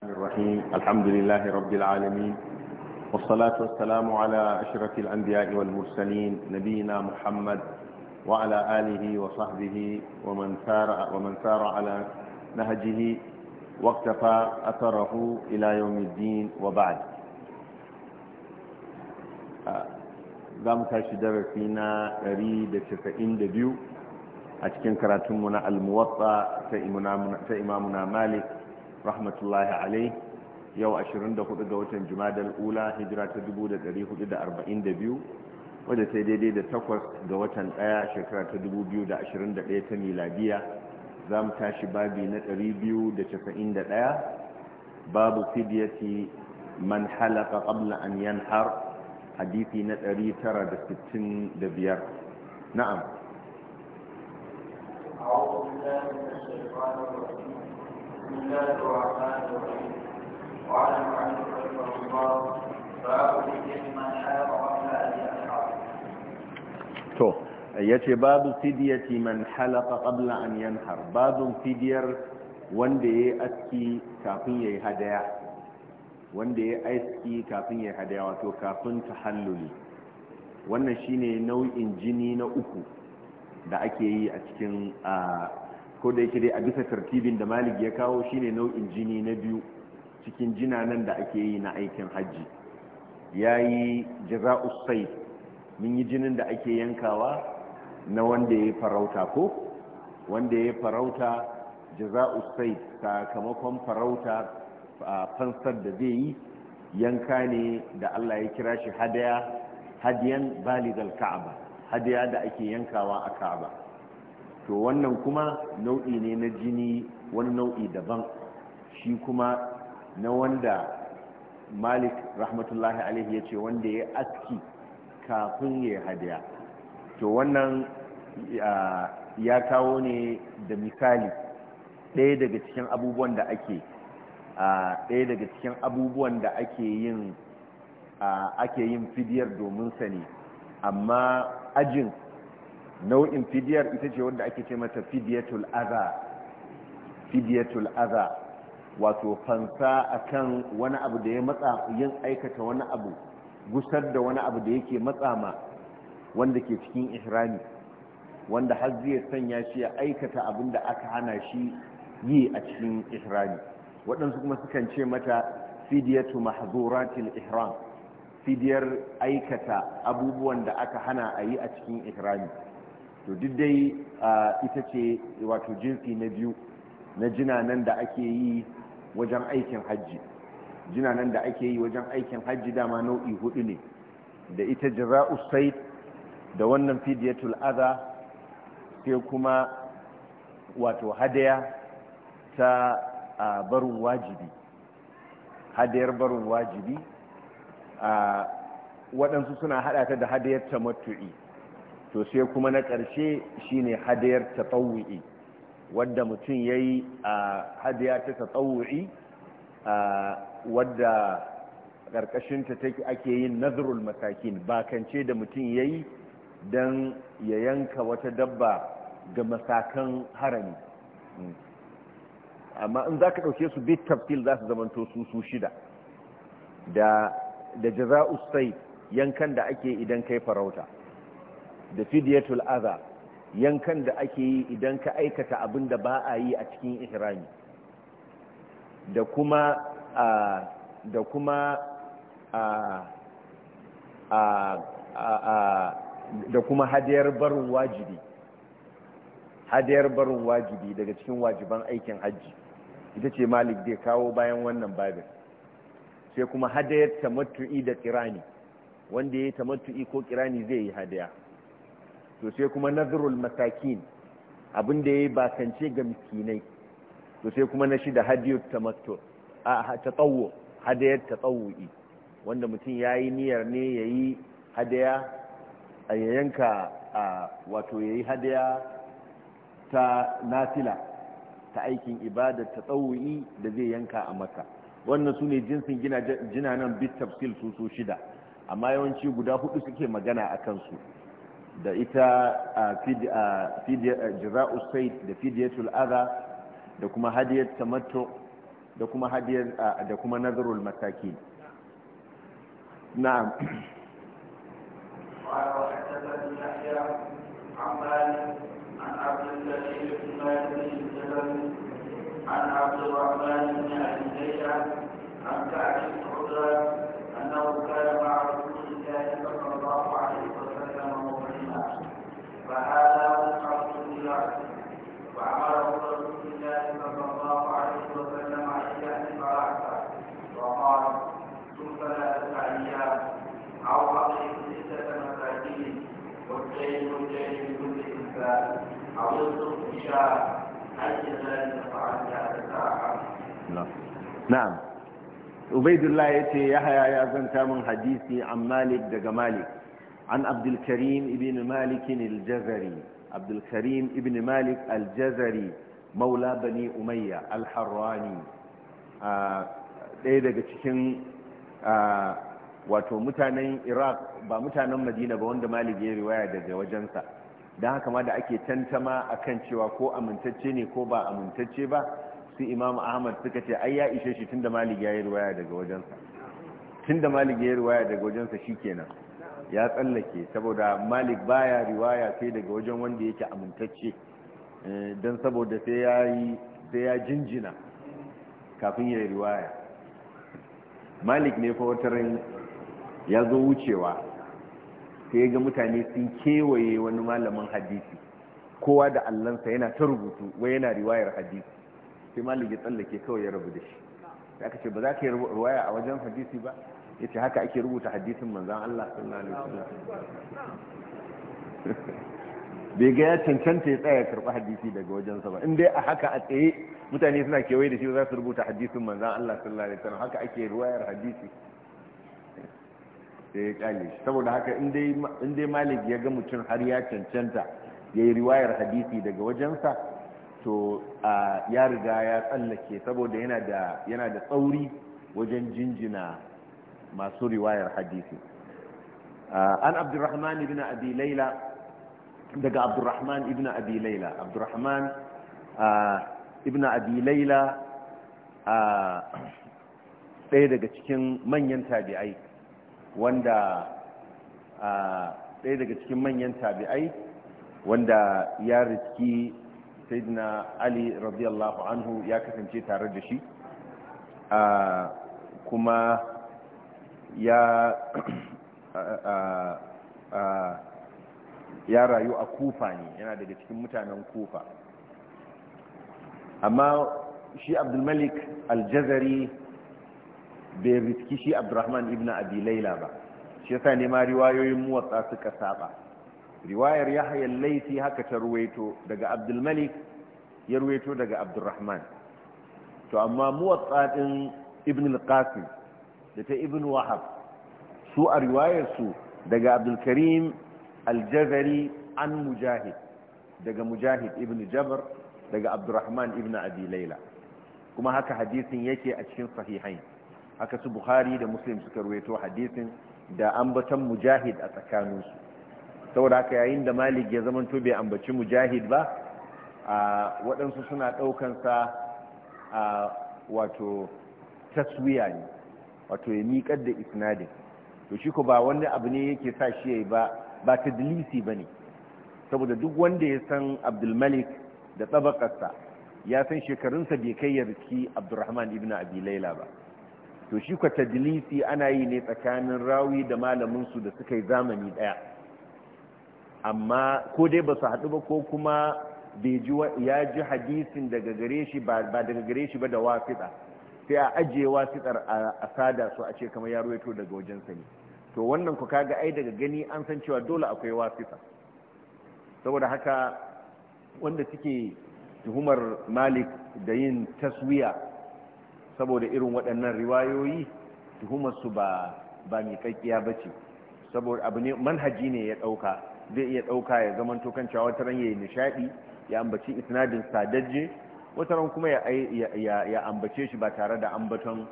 الرحيم الحمد لله رب العالمين والصلاة والسلام على أشرف الأنبياء والمرسلين نبينا محمد وعلى آله وصحبه ومن سار ومن سار على نهجه واقتفى أثره إلى يوم الدين وبعد زم تاشي درسينا ريد تسعين دبيو أتكن كراتمنا الموطأ فإمامنا مالك rahmatullahi alai yau 24 ga watan jumadal ula hijira ta 1442 wadda ta daidai da takwas ga watan ɗaya shekara ta 2021 ta miladiya za mu tashi babi na 291 babu fidiyati man halaka qabla an yanhar hadithi na 965 na'am أعوذ بالله من الشيطان الرجيم بسم الله الرحمن الرحيم وعلى المعلم رحمه ya ce babu fidiyati man halaka qabla an yanhar babun fidiyar wanda ya yi aski kafin ya yi hadaya wanda ya aski kafin ya yi hadaya wato kafin ta tahalluli wannan shine nau'in jini na uku da ake yi a cikin ko da yake dai a bisa tartibin da malik ya kawo shine nau'in jini na biyu cikin jina nan da ake yi na aikin hajji ya yi jaza'us sai mun yi jinin da ake yankawa na wanda ya farauta ko wanda ya farauta jaza'us sai sakamakon farauta fansar da zai yi yanka ne da Allah ya kira shi hadaya hadiyan baligal ka'aba hadaya da ake yankawa a ka'aba to wannan kuma nau'i ne na jini wani nau'i daban shi kuma na wanda malik rahmatullahi alaihi ya ce wanda ya aski kafin ya hadiya to wannan ya kawo ne da misali ɗaya daga cikin abubuwan da ake ɗaya daga cikin abubuwan da ake yin ake yin fidiyar domin sani amma ajin nau'in fidiyar ita ce wanda ake ce mata fidiyatul aza fidiyatul aza wato fansa akan wani abu da ya matsa yin aikata wani abu gusar da wani abu da yake matsa ma wanda ke cikin ihrami wanda har zai sanya shi ya aikata abin da aka hana shi yi a cikin ihrami waɗansu kuma sukan ce mata fidiyatu mahzuratil ihram fidiyar aikata abubuwan da aka hana a yi a cikin ihrami to duk dai ita ce wato jinsi na biyu na jinanan da ake yi wajen aikin hajji jinanan da ake yi wajen aikin hajji dama nau'i hudu ne da ita jira'u sai da wannan fidiyatul adha sai kuma wato hadaya ta barin wajibi hadayar barin wajibi waɗansu suna haɗa ta da hadayar tamattu'i to sai kuma na ƙarshe shine ta tatawu'i wadda mutum ya yi a hadiya ta tatawu'i wadda ƙarƙashinta take ake yin nazarul masakin bakance da mutum ya yi don ya yanka wata dabba ga masakan harami hmm. amma in za ka ɗauke su bit tafsil za su zamanto su su shida da jaza'u sai yankan da ake idan kai farauta da fidiyatul adha yankan da ake yi idan ka aikata abin da ba a yi a cikin ihrami da kuma da kuma da kuma hadiyar barin wajibi hadiyar barin wajibi daga cikin wajiban aikin hajji ita ce malik zai kawo bayan wannan babin sai kuma hadayar tamattu'i da kirani wanda ya yi tamattu'i ko kirani zai yi hadaya to sai kuma nazarul masakin abin da ya yi bakance ga miskinai to sai kuma na shida hadiyar tamattu a tatsawo hadayar tatsawo'i wanda mutum ya yi niyyar ne ya yi hadaya a wato ya yi hadaya ta nafila ta aikin ibada ta tsawo'i da zai yanka a maka wannan su ne jinsin nan bit tafsil su su shida amma yawanci guda hudu suke magana a kansu da ita a jira said da fidiyatul adha da kuma hadiyar tamattu da kuma hadiyar da kuma nazarul mataki na'am عن عبد الرحمن بن ابي عن كعب بن عباد انه كان مع رسول na'am ubaidullah yace yahya ya zanta min hadisi an malik daga malik an abdul karim ibn malik al-jazari malik al maula bani umayya al-harrani ɗaya daga cikin wato mutanen iraq ba mutanen madina ba wanda malik ya riwaya daga wajensa don haka ma da ake tantama a kan cewa ko amintacce ne ko ba amintacce ba su imam ahmad suka ce ai ya ishe shi tunda malik ya yi ruwaya daga wajensa da malik ya yi ruwaya daga wajensa kenan ya tsallake saboda malik baya riwaya sai daga wajen wanda yake amintacce eh, don saboda sai ya jinjina kafin ya yi riwaya malik ne fa ya zo wucewa sai ga mutane sun kewaye wani malamin hadisi kowa da allansa yana ta rubutu wai yana riwayar hadisi sai malam ya tsallake kawai ya rabu da shi da aka ce ba za ka yi riwaya a wajen hadisi ba ya ce haka ake rubuta hadisin manzan Allah sallallahu alaihi wasallam bai ga ya cancanta ya tsaya karɓi hadisi daga wajensa ba in dai a haka a tsaye mutane suna kewaye da shi ba za su rubuta hadisin manzan Allah sallallahu alaihi wasallam haka ake ruwayar hadisi sai ya kyale shi saboda haka in dai malik ya ga mutum har ya cancanta ya yi riwayar hadisi daga wajensa to ya riga ya tsallake saboda yana da tsauri wajen jinjina masu riwayar hadisi an abdurrahman ibn abi laila daga abdurrahman ibn abi laila abdurrahman ibn abi laila ɗaya daga cikin manyan tabi'ai wanda ɗaya daga cikin manyan tabi'ai wanda ya riski sayyidina ali radiyallahu anhu ya kasance tare da shi kuma ya ya rayu a kufa ne yana daga cikin mutanen kufa amma shi abdulmalik aljazari bai riski shi abdurrahman ibn abi laila ba shi yasa ne ma riwayoyin muwatsa suka saba riwayar yahya laifi haka ta ruwaito daga Abdulmalik ya ruwaito daga abdurrahman to amma muwatsa din ibn al da ta ibn wahab su a riwayar su daga Abdulkarim aljazari an mujahid daga mujahid ibn jabr daga abdurrahman ibn abi laila kuma haka hadisin yake a cikin sahihain aka su bukhari da muslim suka ruwaito hadisin da ambatan mujahid a tsakaninsu saboda haka yayin da malik ya zama to bai ambaci mujahid ba a waɗansu suna ɗaukansa a wato taswiya ne wato ya miƙar da isnadin to shi ko ba wani abu ne yake sa shi yayi ba ba ta dilisi ba ne saboda duk wanda ya san abdulmalik da tsabakarsa ya san shekarunsa bai kai ya riski abdurrahman ibn abi laila ba to shi kwa tadlisi ana yi ne tsakanin rawi da malamin su da suka yi zamani daya amma ko dai ba su haɗu ba ko kuma ya ji hadisin daga gare shi ba daga gare shi ba da wasiƙa sai a ajiye wasiƙar a sada su a ce kamar ya ruwaito daga wajen sani to wannan ku kaga ai daga gani an san cewa dole akwai wasiƙa saboda haka wanda suke tuhumar malik da yin taswiya saboda irin waɗannan riwayoyi tuhumarsu ba ba mai kakkiya ba ce saboda abu ne manhaji ne ya ɗauka zai iya ɗauka ya zama tokan cewa wata ran yayi nishaɗi ya ambaci isnadin sadajje wata ran kuma ya ambace shi ba tare da ambaton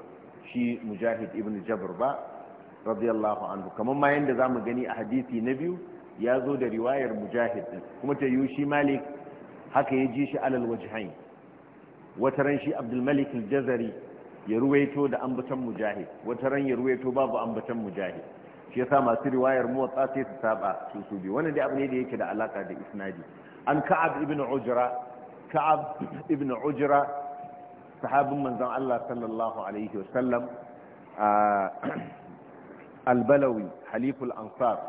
shi mujahid ibn Jabir ba radiyallahu anhu kamar ma yanda mu gani a hadisi na biyu ya zo da riwayar mujahid din kuma ta yi shi malik haka ya ji shi alal wajhain wata ran shi abdul malik al-jazari ya ruwaito da ambatan mujahid wata ran ya ruwaito babu ambatan mujahid shi yasa masu riwayar muwatsa sai su saba su su bi dai abu ne da yake da alaka da isnadi an ka'ab ibn ujra ka'ab ibn ujra sahabin manzon Allah sallallahu alaihi sallam, al-balawi haliful ansar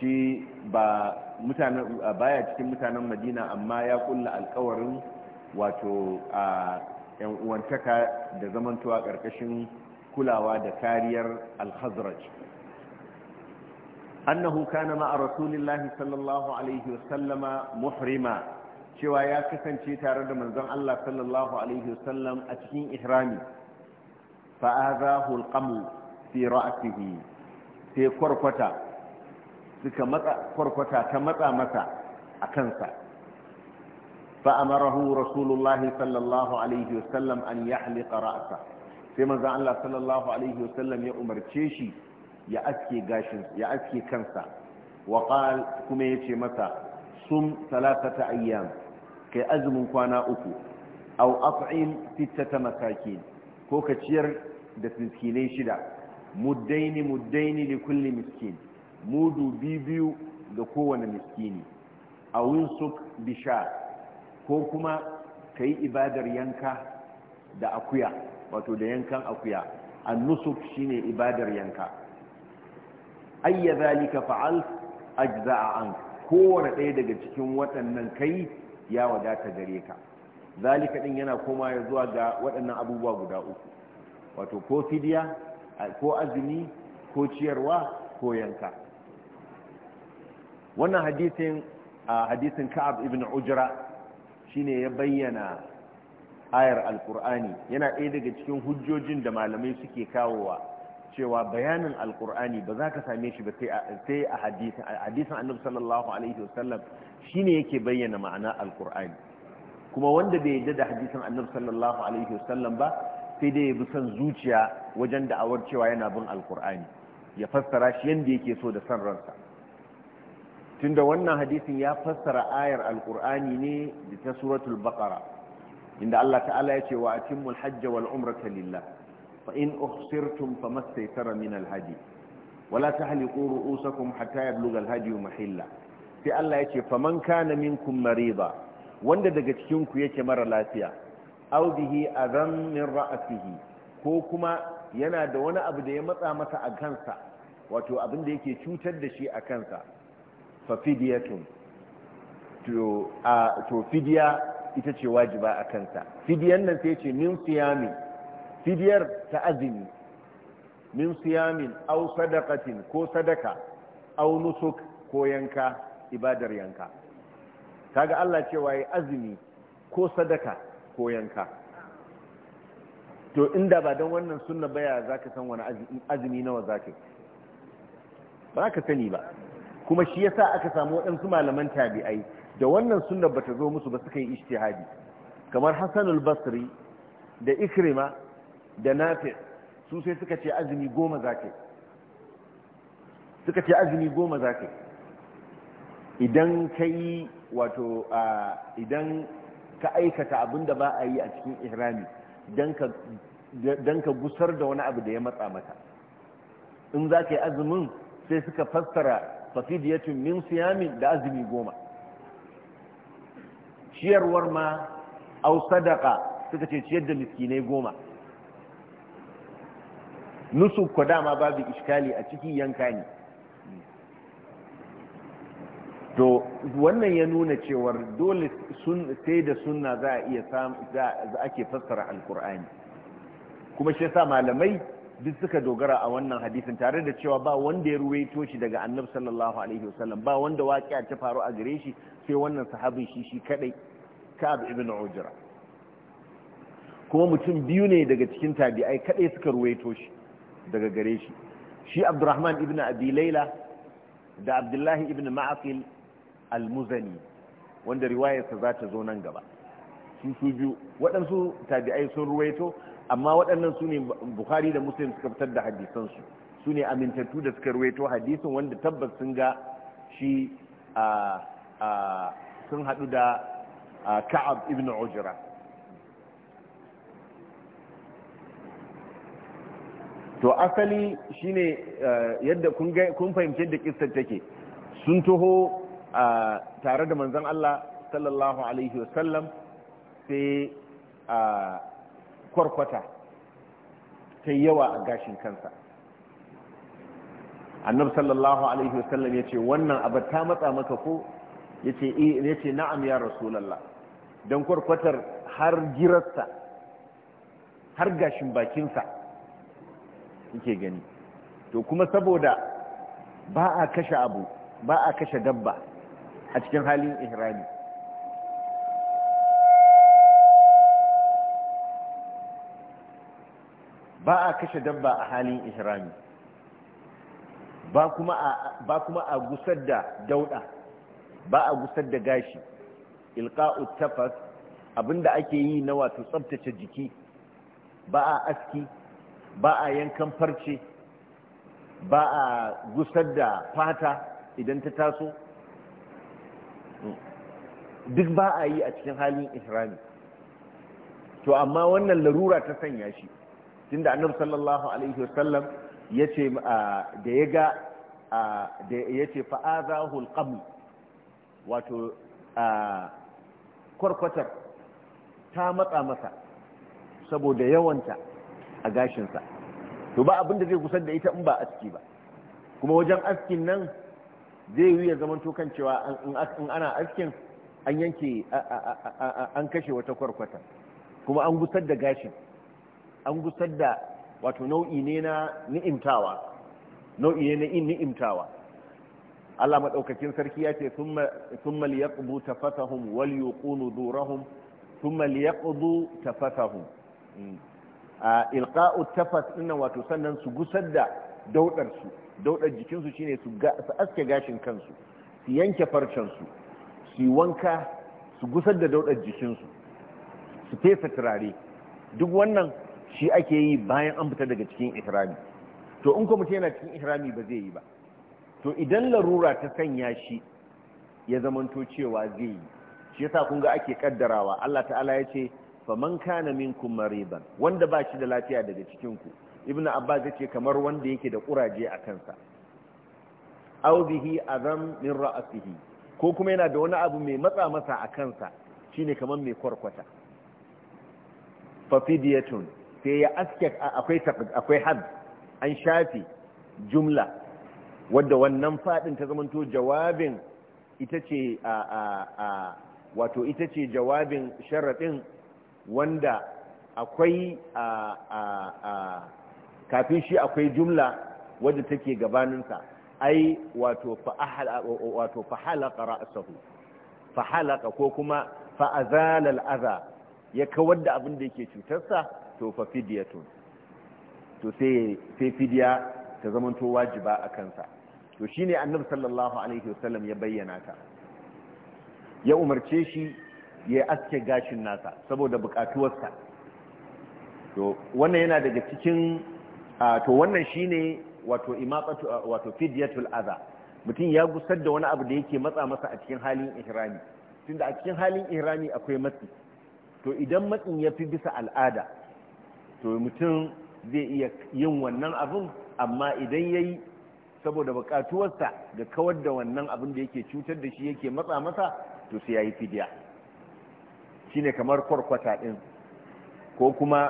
shi ba mutanen baya cikin mutanen Madina amma ya kulla alƙawarin wato yan uwantaka da zamantowa ƙarƙashin kulawa da kariyar al-khazraj annahu kana ma'a rasulillahi sallallahu alaihi wasallama muhrima cewa ya kasance tare da manzon Allah sallallahu alaihi wasallam a cikin ihrami fa azahu al-qamu fi ra'sihi sai kwarkwata suka matsa kwarkwata ta matsa masa a kansa فأمره رسول الله صلى الله عليه وسلم أن يحلق رأسه كما قال الله صلى الله عليه وسلم يا أمر تشيشي يا أسكي قاشن يا أسكي كنسا وقال كما يتشي متى صم ثلاثة أيام كي أزم كوانا أكو أو أطعم ستة مساكين كوكا تشير دس مسكينين شدا مدين مدين لكل مسكين مودو بيبيو لكوانا مسكيني أو ينسك بشار ko kuma ka yi ibadar yanka da akuya wato da yankan akuya nusuf shine ibadar yanka ayya zalika fa'al ajza'a an kowane ɗaya daga cikin waɗannan kai ya wadata gare ka zalika ɗin yana koma ya zuwa ga waɗannan abubuwa guda uku wato ko fidiya ko azumi ko ciyarwa ko yanka wannan hadisin hadisin ka'ab ibn ujra shine ya bayyana ayar alkur'ani yana ɗaya daga cikin hujjojin da malamai suke kawowa cewa bayanin alkur'ani ba za ka same shi ba sai a hadisan annabi sallallahu alaihi wasallam shine yake bayyana ma'ana alkur'ani kuma wanda bai yadda da hadisan annabi sallallahu alaihi wasallam ba sai dai ya bi son zuciya wajen da'awar cewa yana bin alkur'ani ya fassara shi yadda yake so da son ransa tunda wannan hadisin ya fassara ayar alkur'ani ne da ta suratul baqara inda Allah ta'ala ya ce wa atimul hajja wal umrata lillah fa in uhsirtum famastaysara min al hadi wala tahliqu ru'usakum hatta yablugha al mahilla sai Allah ya ce faman kana minkum marida wanda daga cikin ku yake mara lafiya aw bihi adam min ko kuma yana da wani abu da ya matsa masa a kansa wato abin da yake cutar da shi a kansa fafidiyatun to fidiya ita ce wajiba a kansa fidiyan nan sai ce min siyami fidiyar ta azumi min siyamin au sadakatin ko sadaka au nusuk ko yanka ibadar yanka kaga Allah cewa ya azumi ko sadaka ko yanka to inda ba don wannan sunna baya za ka san wani azumi nawa yi ba ka sani ba kuma shi yasa aka samu waɗansu malaman tabi'ai da wannan sunna bata zo musu ba suka yi ijtihadi kamar Hassan al-Basri da Ikrima da Nafi su sai suka ce azumi goma zake suka ce azumi goma zake idan kai wato idan ka aikata abin da ba a yi a cikin ihrami dan ka gusar da wani abu da ya matsa mata in za yi azumin sai suka fassara fafidiyatun min siyamin da azumi goma ciyarwar ma au sadaka suka ce ciyar da miskinai goma nusu ko dama babu iskali a ciki yanka ne to wannan ya nuna cewar dole sai da sunna za a iya za ake fassara alkur'ani kuma shi sa malamai duk suka dogara a wannan hadisin tare da cewa ba wanda ya ruwaito shi daga annabi sallallahu alaihi wasallam ba wanda waƙiya ta faru a gare shi sai wannan sahabin shi shi kadai ka'ab ibn ujra kuma mutum biyu ne daga cikin tabi'ai kadai suka ruwaito shi daga gare shi shi abdurrahman ibn abi laila da abdullahi ibn ma'aqil al-muzani wanda riwayarsa za ta zo nan gaba su su biyu waɗansu tabi'ai sun ruwaito amma waɗannan su ne bukhari da muslim suka fitar da hadisansu su ne amintattu da suka ruwaito hadisin wanda tabbas sun ga shi sun haɗu da ka'ab ibn ujra to asali shine yadda kun fahimci yadda kistar take sun taho tare da manzan Allah sallallahu alaihi wasallam sai kwarkwata ta yawa a gashin kansa annab sallallahu alaihi wasallam ya ce wannan abu ta matsa maka ko ya ce eh, na'am ya rasu lalla don kwarkwatar har girarsa har gashin bakinsa yake gani to kuma saboda ba a kashe abu ba a kashe dabba a cikin halin ihrami ba a kashe dabba a halin ihrami ba kuma a gusar da dauda ba a gusar da gashi ilqa'u tafas abinda ake yi na wato tsabtace jiki ba a aski ba a yankan farce ba a gusar da fata idan ta taso duk ba a yi a cikin halin ihrami to amma wannan larura ta sanya shi tunda annabi sallallahu alaihi wasallam yace da ya ga da yace azahu alqabl wato kwarkwatar ta matsa masa saboda yawanta a gashinsa to ba abinda zai kusan da ita in ba aski ba kuma wajen askin nan zai yi ya zama kan cewa in ana askin an yanke an kashe wata kwarkwata kuma an gusar da gashin an gusar da wato nau'i ne na ni'imtawa nau'i ne na in ni'imtawa Allah madaukakin sarki ya ce thumma liyaqdu tafatahum wal yuqunu durahum thumma liyaqdu tafatahum hmm. ilqa'u tafas inna wato sannan su gusar da daudar su daudar jikin su shine su aske gashin kansu su yanke farcen su su wanka su gusar da daudar jikin su su fesa turare duk wannan shi ake yi bayan an fita daga cikin ihrami to in ko mutum yana cikin ihrami ba zai yi ba to idan larura ta sanya shi ya zamanto cewa zai yi shi yasa kun ga ake kaddarawa Allah ta'ala ya ce fa man kana minkum mariban wanda ba shi da lafiya daga cikin ku ibnu abbas ce kamar wanda yake da kuraje a kansa aw bihi azam min ra'sihi ko kuma yana da wani abu mai matsa masa a kansa shine kamar mai kwarkwata fidiyatun sai ya aske akwai had an shafi jumla wadda wannan fadin ta zamanto jawabin ita ce a a a wato ita ce jawabin sharaɗin wanda akwai a a a kafin shi akwai jumla wadda take gabaninsa ai wato fahalaka ra'asahu ko kuma azalal aza ya kawar da abin da yake cutarsa to fa to sai sai fidya ta zamanto wajiba a kansa to shine annabi sallallahu alaihi wasallam ya bayyana ta ya umarce shi ya aske gashin nasa saboda bukatuwarsa to wannan yana daga cikin to wannan shine wato imatsatu wato fidyatul adha mutum ya gusar da wani abu da yake matsa masa a cikin halin ihrami tunda a cikin halin ihrami akwai matsi to idan matsin ya fi bisa al'ada to mutum zai iya yin wannan abin amma idan ya yi saboda bukatuwarsa ga kawar da wannan abin da yake cutar da shi yake matsa masa to sai ya yi fidiya shi ne kamar kwarkwata ɗin ko kuma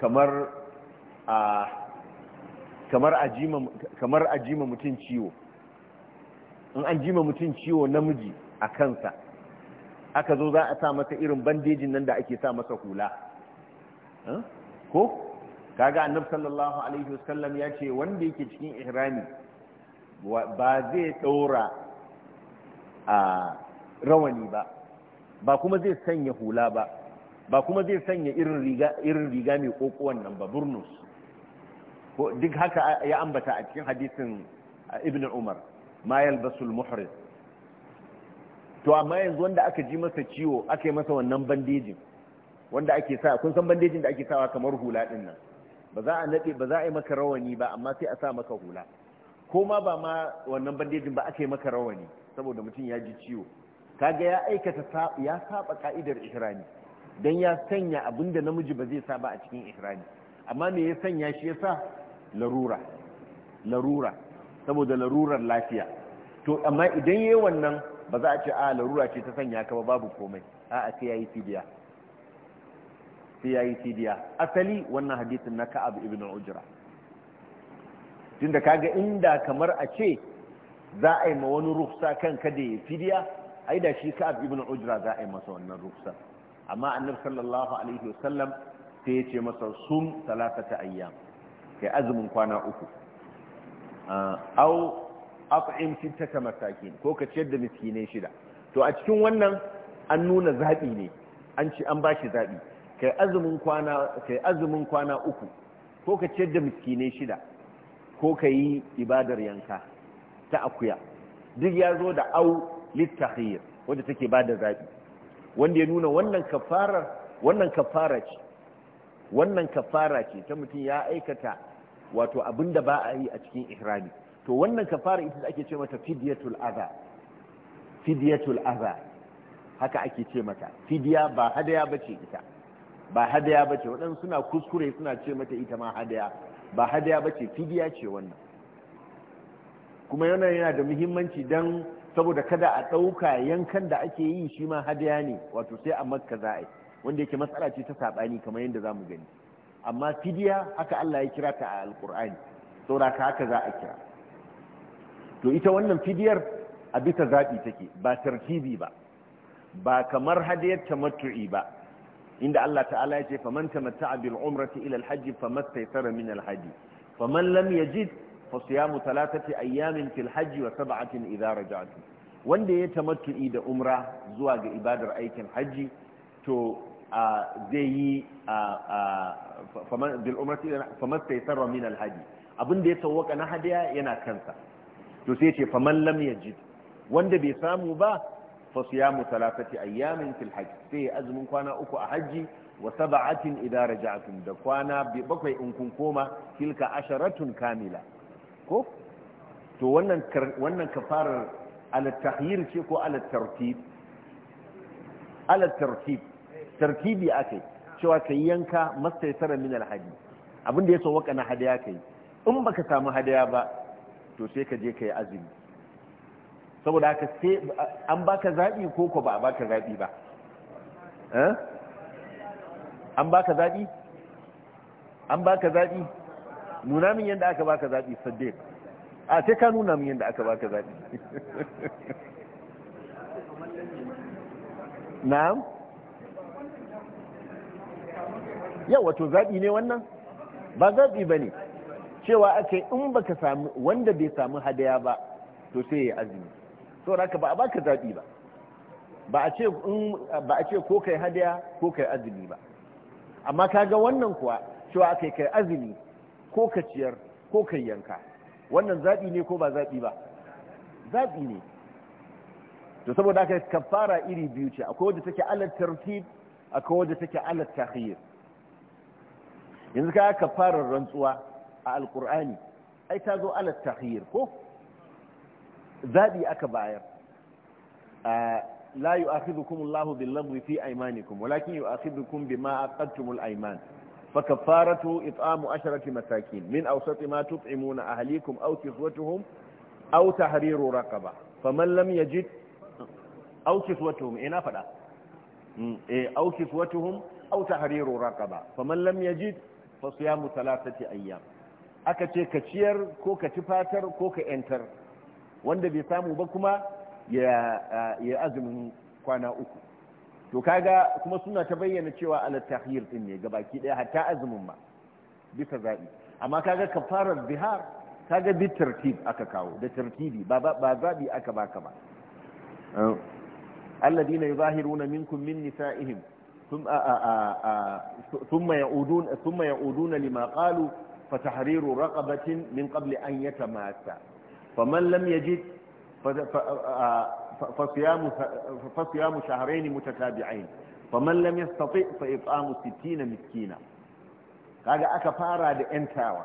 kamar a kamar a jima mutum ciwo in an jima mutum ciwo namiji a kansa aka zo za a sa masa irin bandejin nan da ake sa masa hula ko kaga annabi sallallahu alaihi wasallam ya ce wanda yake cikin ihrami ba zai ɗaura a rawani ba ba kuma zai sanya hula ba ba kuma zai sanya irin riga irin riga mai koko nan ba burnus ko duk haka ya ambata a cikin hadisin ibn umar ma yalbasul muhrim to amma yanzu wanda aka ji masa ciwo aka yi masa wannan bandejin wanda ake sa kun san bandejin da ake sawa kamar hula din nan ba za a nade ba za a yi maka rawani ba amma sai a sa maka hula ko ma ba ma wannan bandejin ba aka yi maka rawani saboda mutum ya ji ciwo kaga ya aikata ya saba ka'idar ihrami dan ya sanya abinda namiji ba zai sa ba a cikin ihrami amma me ya sanya shi yasa larura larura saboda larurar lafiya to amma idan yayi wannan ba za a ce a ah, larura ce ta sanya ka ba babu komai a'a sai yayi fidiya sai ya yi tidiya asali wannan hadisin na ka'ab ibn ujra tunda kaga inda kamar a ce za a yi ma wani ruksa kan kada ya fidiya ai da shi ka'ab ibn ujra za a yi masa wannan rufsa amma annabi sallallahu alaihi wasallam sai ya ce masa sum talatata ayyam kai azumin kwana uku ah, au at'im sittata masakin ko ka ciyar da miskinai shida to a cikin wannan an nuna zaɓi ne an ci an bashi zaɓi. kai azumin kwana kai azumin kwana uku ko ka ciyar da miskinai shida ko ka yi ibadar yanka ta akuya duk ya zo da au littahir wanda take ba da zaɓi wanda ya nuna wannan wannan kafara ce wannan kafara ce ta mutum ya aikata wato abin da ba a yi a cikin ihrami to wannan kafara ita ake ce mata fidyatul adha fidyatul adha haka ake ce mata fidiya ba hadaya ce ita ba hadaya ba ce waɗansu suna kuskure suna ce mata ita ma hadaya ba hadaya ba ce fidiya ce wannan kuma yana yana da muhimmanci don saboda kada a ɗauka yankan da ake yi shi ma hadaya ne wato sai a makka za wanda yake matsala ce ta saɓani kamar yadda za mu gani amma fidiya haka allah ya kira ta a alƙur'ani sauraka haka za a kira to ita wannan fidiyar a bisa zaɓi take ba tartibi ba ba kamar hadayar matu'i ba inda Allah ta'ala ya ce faman tamatta'a bil umrati ila al hajj famastaysara min al hajj faman lam yajid fa siyamu thalathati ayamin fil hajj wa sab'atin idha raja'tum wanda ya tamattu'i da umra zuwa ga ibadar aikin hajji to zai yi bil umrati famastaysara min al hajj abin da ya tawwaka na hadiya yana kansa to sai ya ce faman lam yajid wanda bai samu ba fa siyamu thalathati ayyamin fil hajj sai azumin kwana uku a haji wa sab'atin idza raja'tum da kwana bakwai in kun koma tilka asharatun kamila ko to wannan wannan kafarar ala tahyir ce ko ala tartib ala tartib tartibi akai cewa kai yanka mastaisara min al hadi abinda ya so waka na hadaya kai in baka samu hadaya ba to sai ka je kai azumi saboda haka sai an baka zaɓi ko ko ba a baka zaɓi ba eh? an baka zaɓi an baka zaɓi nuna min yadda aka baka zaɓi saddiq a sai ka nuna min yadda aka baka zaɓi na'am yau wato zaɓi ne wannan ba zaɓi ba ne cewa ake in baka samu wanda bai samu hadaya ba to sai ya azumi saboda haka ba a baka zaɓi ba ba a ce ba a ce ko kai hadiya ko kai azumi ba amma kaga wannan kuwa cewa kai kai azumi ko ka ciyar ko kai yanka wannan zaɓi ne ko ba zaɓi ba zaɓi ne to saboda haka kafara iri biyu ce akwai wadda take ala tartib akwai wadda take ala takhir yanzu ka kafarar rantsuwa a alqur'ani ai ta zo ala takhir ko zaɓi aka bayar la الله Allahu في أيمانكم fi يؤاخذكم walakin yu'akhidhukum الأيمان فكفارة إطعام عشرة مساكين من أوسط ما تطعمون أهليكم أو كسوتهم أو تحرير رقبة فمن لم يجد أو كسوتهم إنا فلا أو كسوتهم أو تحرير رقبة فمن لم يجد فصيام ثلاثة أيام أكتش كتير كو كتفاتر كو كأنتر wanda bai samu ba kuma ya azumin kwana uku to kaga kuma suna ta bayyana cewa ala tahir din ne gabaki daya hatta azumin ma bisa zabi amma kaga kafarar bihar kaga bi tartib aka kawo da tartibi ba ba zabi aka baka ba alladina yuzahiruna minkum min nisa'ihim ثم يعودون ثم يعودون لما قالوا فتحرير رقبة من قبل أن يتماسا faman lam yajid fasiyamu shahararri mutatabi'ain faman lam yastati fa it'amu 60 miskina kaga aka fara da yantawa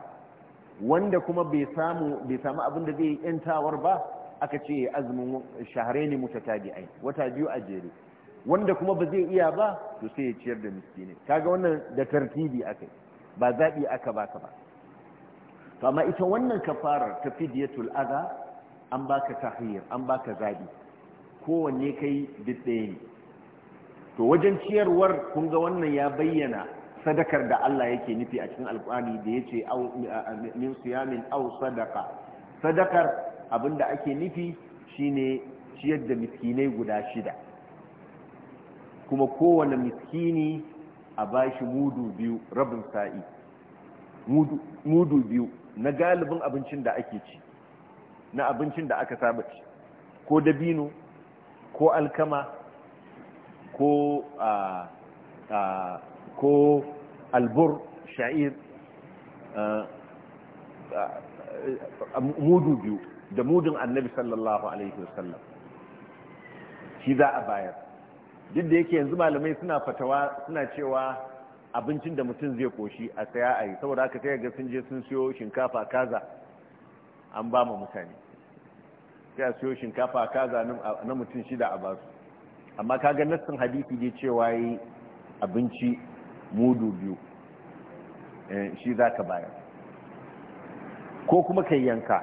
wanda kuma bai samu bai samu abin da zai yantawar ba aka ce azumin shahararri mutatabi'ain wata biyu a jere wanda kuma ba zai iya ba to sai ya ciyar da miskini kaga wannan da tartibi akai ba zabi aka baka ba kama ita wannan kafarar ta fidiyatul adha an baka tahir an baka zabi kowanne kai biddaye ne to wajen ciyarwar kun ga wannan ya bayyana sadakar da Allah yake nufi a cikin alkurani da yace aw min siyamin au sadaqa sadakar abinda ake nufi shine ciyar da miskinai guda shida kuma kowane miskini a bashi mudu biyu rabin sa'i mudu biyu na galibin abincin da ake ci na abincin da aka saba ci ko dabino ko alkama ko ko albur sha'ir mudu biyu da mudun annabi sallallahu alaihi wasallam shi za a bayar duk da yake yanzu malamai suna fatawa suna cewa abincin da mutum zai koshi a saya a yi saboda haka ta ga sun je sun siyo shinkafa kaza an ba mu mutane sai a siyo shinkafa kaza na mutum shida a basu amma kaga nassin hadithi dai cewa yi abinci mudu biyu eh, shi za ka bayar ko kuma kai yanka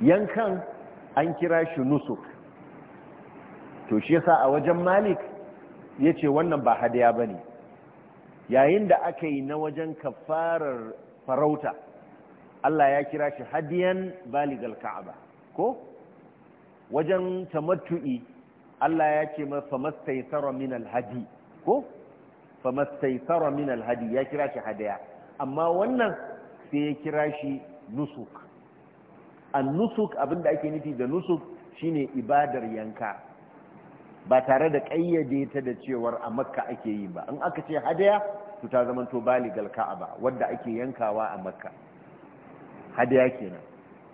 yankan an kira shi nusuk to shi yasa a wajen malik ya ce wannan ba hadaya ba ne yayin da aka yi na wajen kafarar farauta Allah ya kira shi hadiyan baligal ka'aba ko wajen tamattu'i Allah ya ce ma famastaisara min alhadi ko famastaisara min alhadi ya kira shi hadaya amma wannan sai ya kira shi nusuk an nusuk abinda ake nufi da nusuk shine ibadar yanka ba tare da ƙayyade ta da cewar a makka ake yi ba in aka ce hadaya to ta zama to a ba wadda ake yankawa a makka hadaya kenan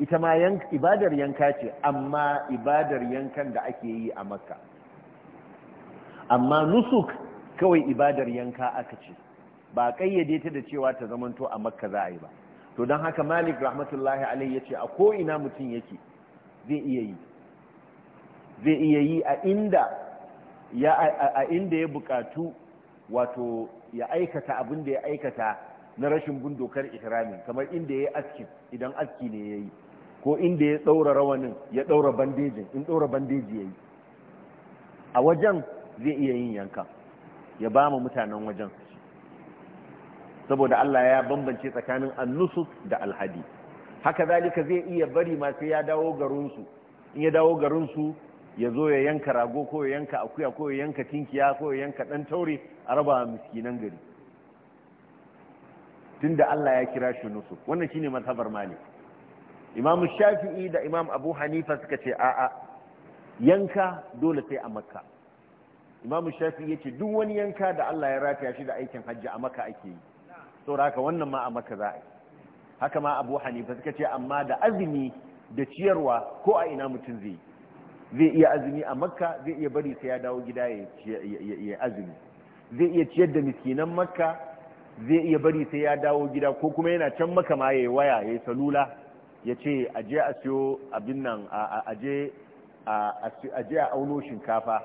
ita ma ibadar yanka ce amma ibadar yankan da ake yi a makka amma nusuk kawai ibadar yanka aka ce ba kayyade ta da cewa ta zamanto a makka za a yi ba to don haka malik rahmatullahi alaihi ya ce a ina mutum yake zai iya yi zai a inda ya a inda ya bukatu wato ya aikata abin da ya aikata na rashin bin dokar kamar inda ya yi aski idan aski ne ya yi ko inda ya ɗaura rawanin ya ɗaura bandejin in ɗaura bandeji ya yi a wajen zai iya yin yanka ya ba mu mutanen wajen saboda Allah ya bambance tsakanin annusu da alhadi haka zalika zai iya bari masu ya dawo garinsu in ya dawo garinsu ya zo ya yanka rago ko ya yanka akuya ko ya yanka tinkiya ko ya yanka dan taure a raba miskinan gari tunda Allah ya kira shi nusu wannan shine mazhabar malik imam shafi'i da imam abu hanifa suka ce a'a yanka dole sai a makka imam shafi'i yace duk wani yanka da Allah ya rataya shi da aikin hajji a makka ake yi saboda haka wannan ma a makka za a yi haka ma abu hanifa suka ce amma da azumi da ciyarwa ko a ina mutum zai yi zai iya azumi a makka zai iya bari sai ya dawo gida ya azumi zai iya ciyar da miskinan makka zai iya bari sai ya dawo gida ko kuma yana can maka ma ya waya ya salula ya ce a je a siyo abin nan a je a auno shinkafa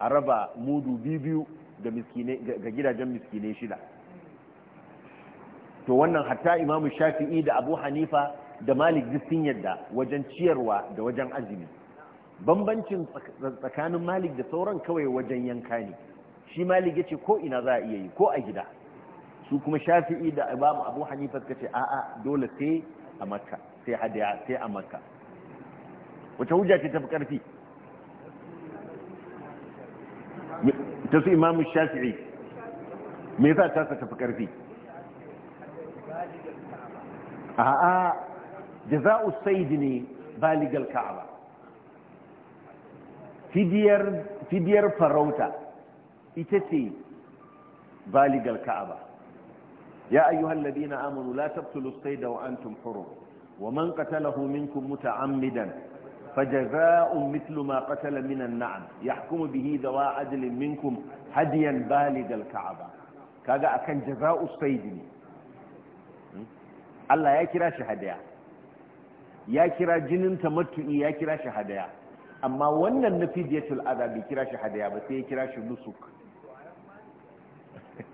a raba mudu biyu ga gidajen miskinai shida to wannan hatta imamu shafi'i da abu hanifa da malik duk sun yadda wajen ciyarwa da wajen azumi bambancin tsakanin malik da sauran kawai wajen yanka ne shi malik ya ce ko ina za a iya yi ko a gida su kuma shafi'i da imam abu hanifa ka ce a'a dole sai a makka sai hadaya sai a makka wata hujja ce ta fi karfi ta su imamu shafi'i me yasa ta fi karfi a'a jaza'u sayyid ne baligal ka'aba fidiyar fidiyar farauta ita ce baligal ka'aba ya ayyuhal ladina amanu la tabtulu sayda wa antum hurum wa man qatalahu minkum muta'ammidan fajaza'un mithlu ma qatala min an-na'am yahkumu bihi dawa adlin minkum hadiyan baligal ka'aba kaga akan jaza'u as ne Allah ya kira shi hadaya ya kira jinin tamattu'i ya kira shi hadaya amma wannan na fidiyatul adha bai kira shi hadaya ba sai ya kira shi nusuk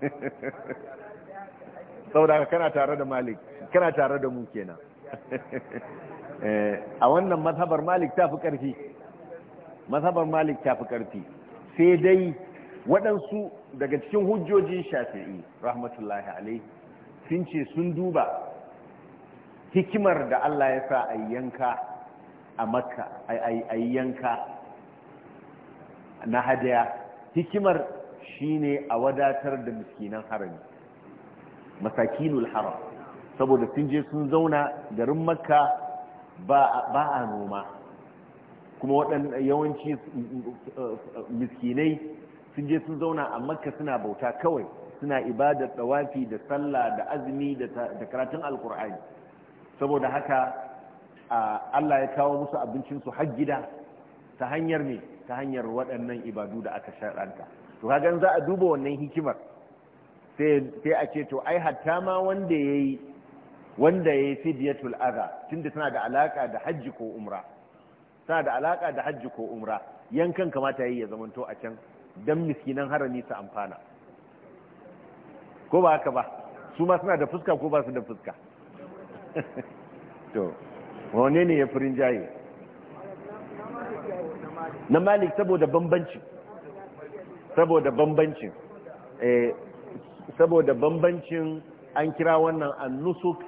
saboda kana tare da malik kana tare da mu kenan eh, a wannan mazhabar malik ta fi ƙarfi mazhabar malik ta fi ƙarfi sai dai waɗansu daga cikin hujjojin shafi'i rahmatullahi alaihi sun ce sun duba hikimar da Allah ya sa ayyanka yanka a makka a yi yanka na hadaya hikimar shine a wadatar da miskinan harami masakinul haram saboda sun je sun zauna garin makka ba a noma kuma waɗanda yawanci miskinai sun je sun zauna a makka suna bauta kawai suna ibadar tsawafi da sallah da azumi da karatun alkur'ani saboda haka Allah ya kawo musu abincinsu har gida ta hanyar ne ta hanyar waɗannan ibadu da aka shar'anta to kaga za a duba wannan hikimar sai a ce to ai hatta ma wanda yayi wanda yayi fidyatul adha tunda tana da alaka da hajji ko umra tana da alaka da hajji ko umra yankan kamata yayi ya zamanto a can dan miskinan harami su amfana ko ba haka ba su ma suna da fuska ko ba su da fuska to wane ne ya firin jaye na malik saboda bambanci saboda bambancin eh, saboda bambancin an kira wannan annusuk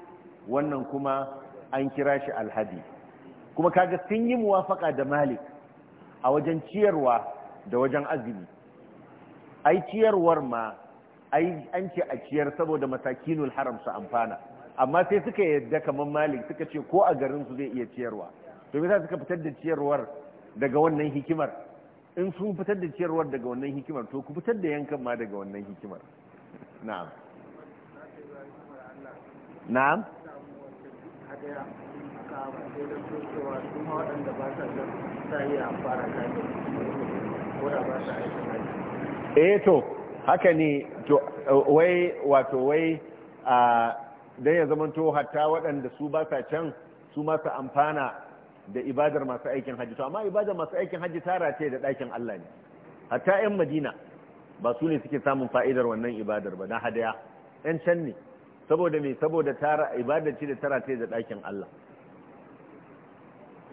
wannan kuma an kira shi alhadi kuma kaga sun yi muwafaka da malik a wajen ciyarwa da wajen azumi ai ciyarwar ma ai an ce a ciyar saboda masakinul haram su amfana amma sai suka yadda kamar malik suka ce ko a garin su zai iya ciyarwa to yasa suka fitar da ciyarwar daga wannan hikimar in sun fitar da ciyarwar daga wannan hikimar to ku fitar da yankan ma daga wannan hikimar na'am na'am eh to haka ne to wai wato wai a ah, dan ya zamanto hatta waɗanda su ba sa can su masu amfana da ibadar masu aikin hajji to amma ibadar masu aikin hajji tara ce da ɗakin Allah ne hatta ƴan madina ba su ne suke samun fa'idar wannan ibadar ba na hadaya 'yan can ne saboda me saboda tara ibadar ce da tara ce da ɗakin Allah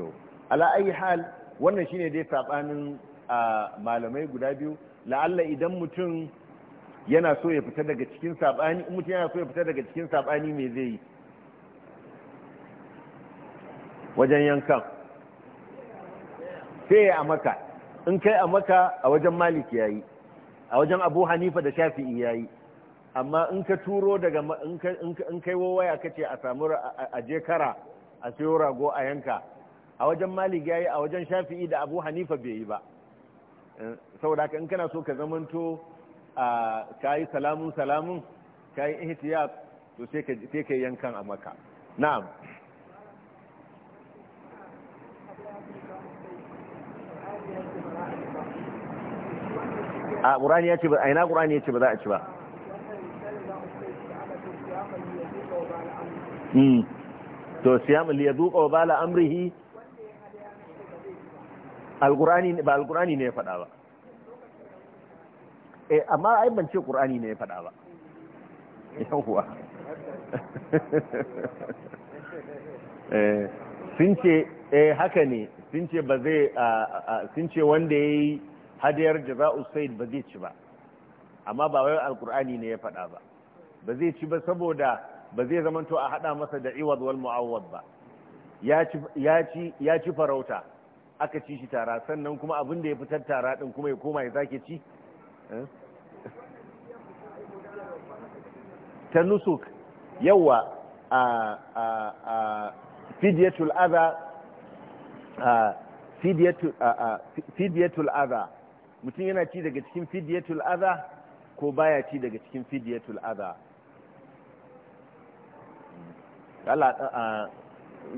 to ala ayi hal wannan shine dai sabanin malamai guda biyu la'alla idan mutum yana so ya fita daga cikin sabani in mutum yana so ya fita daga cikin sabani me zai yi wajen yankan sai ya amaka in kai amaka a wajen malik ya yi a wajen abu hanifa da shafi'i ya yi amma in ka turo daga in kai waya kace a samu a je kara a sayo rago a yanka a wajen malik ya yi a wajen shafi'i da abu hanifa bai yi ba eh, saboda in kana so ka zamanto a kayi salamun salamun kayi ihtiya to sai ka yankan a maka na'am a ƙurani ya ce ba aina ina ƙurani ya ce ba za a ci ba hmm. to siyam li yaduqa wa bala amrihi alqurani ba alqurani ne ya fada ba Eh, amma ai ban ce qur'ani ne ya faɗa ba eh sun ce eh, haka ne sun ce ba zai sun ce wanda yayi hadiyar jaza'u sayyid ba zai ci ba amma ba wai alqur'ani ne ya faɗa ba ba zai ci ba saboda ba zai zamanto a haɗa masa da iwad wal mu'awwad ba ya ci farauta aka ci shi tara sannan kuma abin da ya fitar tara din kuma ya koma ya sake ci Eh? ta nusuk yawa a fidiyatul adha fidiyatul adha mutum yana ci daga cikin fidiyatul adha ko baya ci daga cikin fidiyatul adha Allah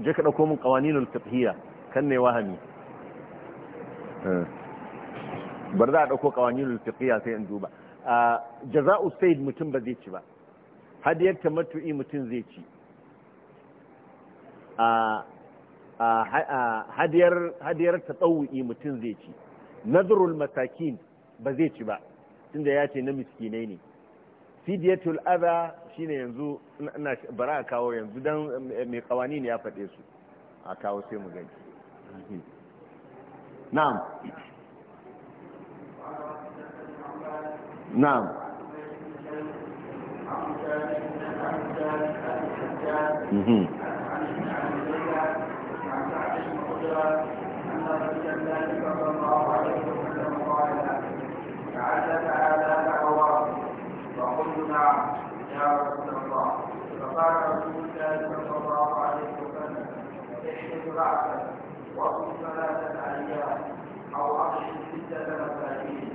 je ka dauko mun qawaninul fiqhiyya kan ne wahami eh. bar za a ɗauko ƙawanin fiqhiyya sai in duba jaza'u sayd mutum ba zai ci ba hadiyar tamattu'i mutum zai ci hadiyar hadiyar tatawu'i mutum zai ci nazrul matakin ba zai ci ba tun da ya ce na miskinai ne fidiyatul shi shine yanzu ina bara a kawo yanzu dan mai kawani ne ya faɗe su a kawo sai mu gani na'am نعم مهم. رأسا وصل ثلاثة أيام أو أقل ستة مساجين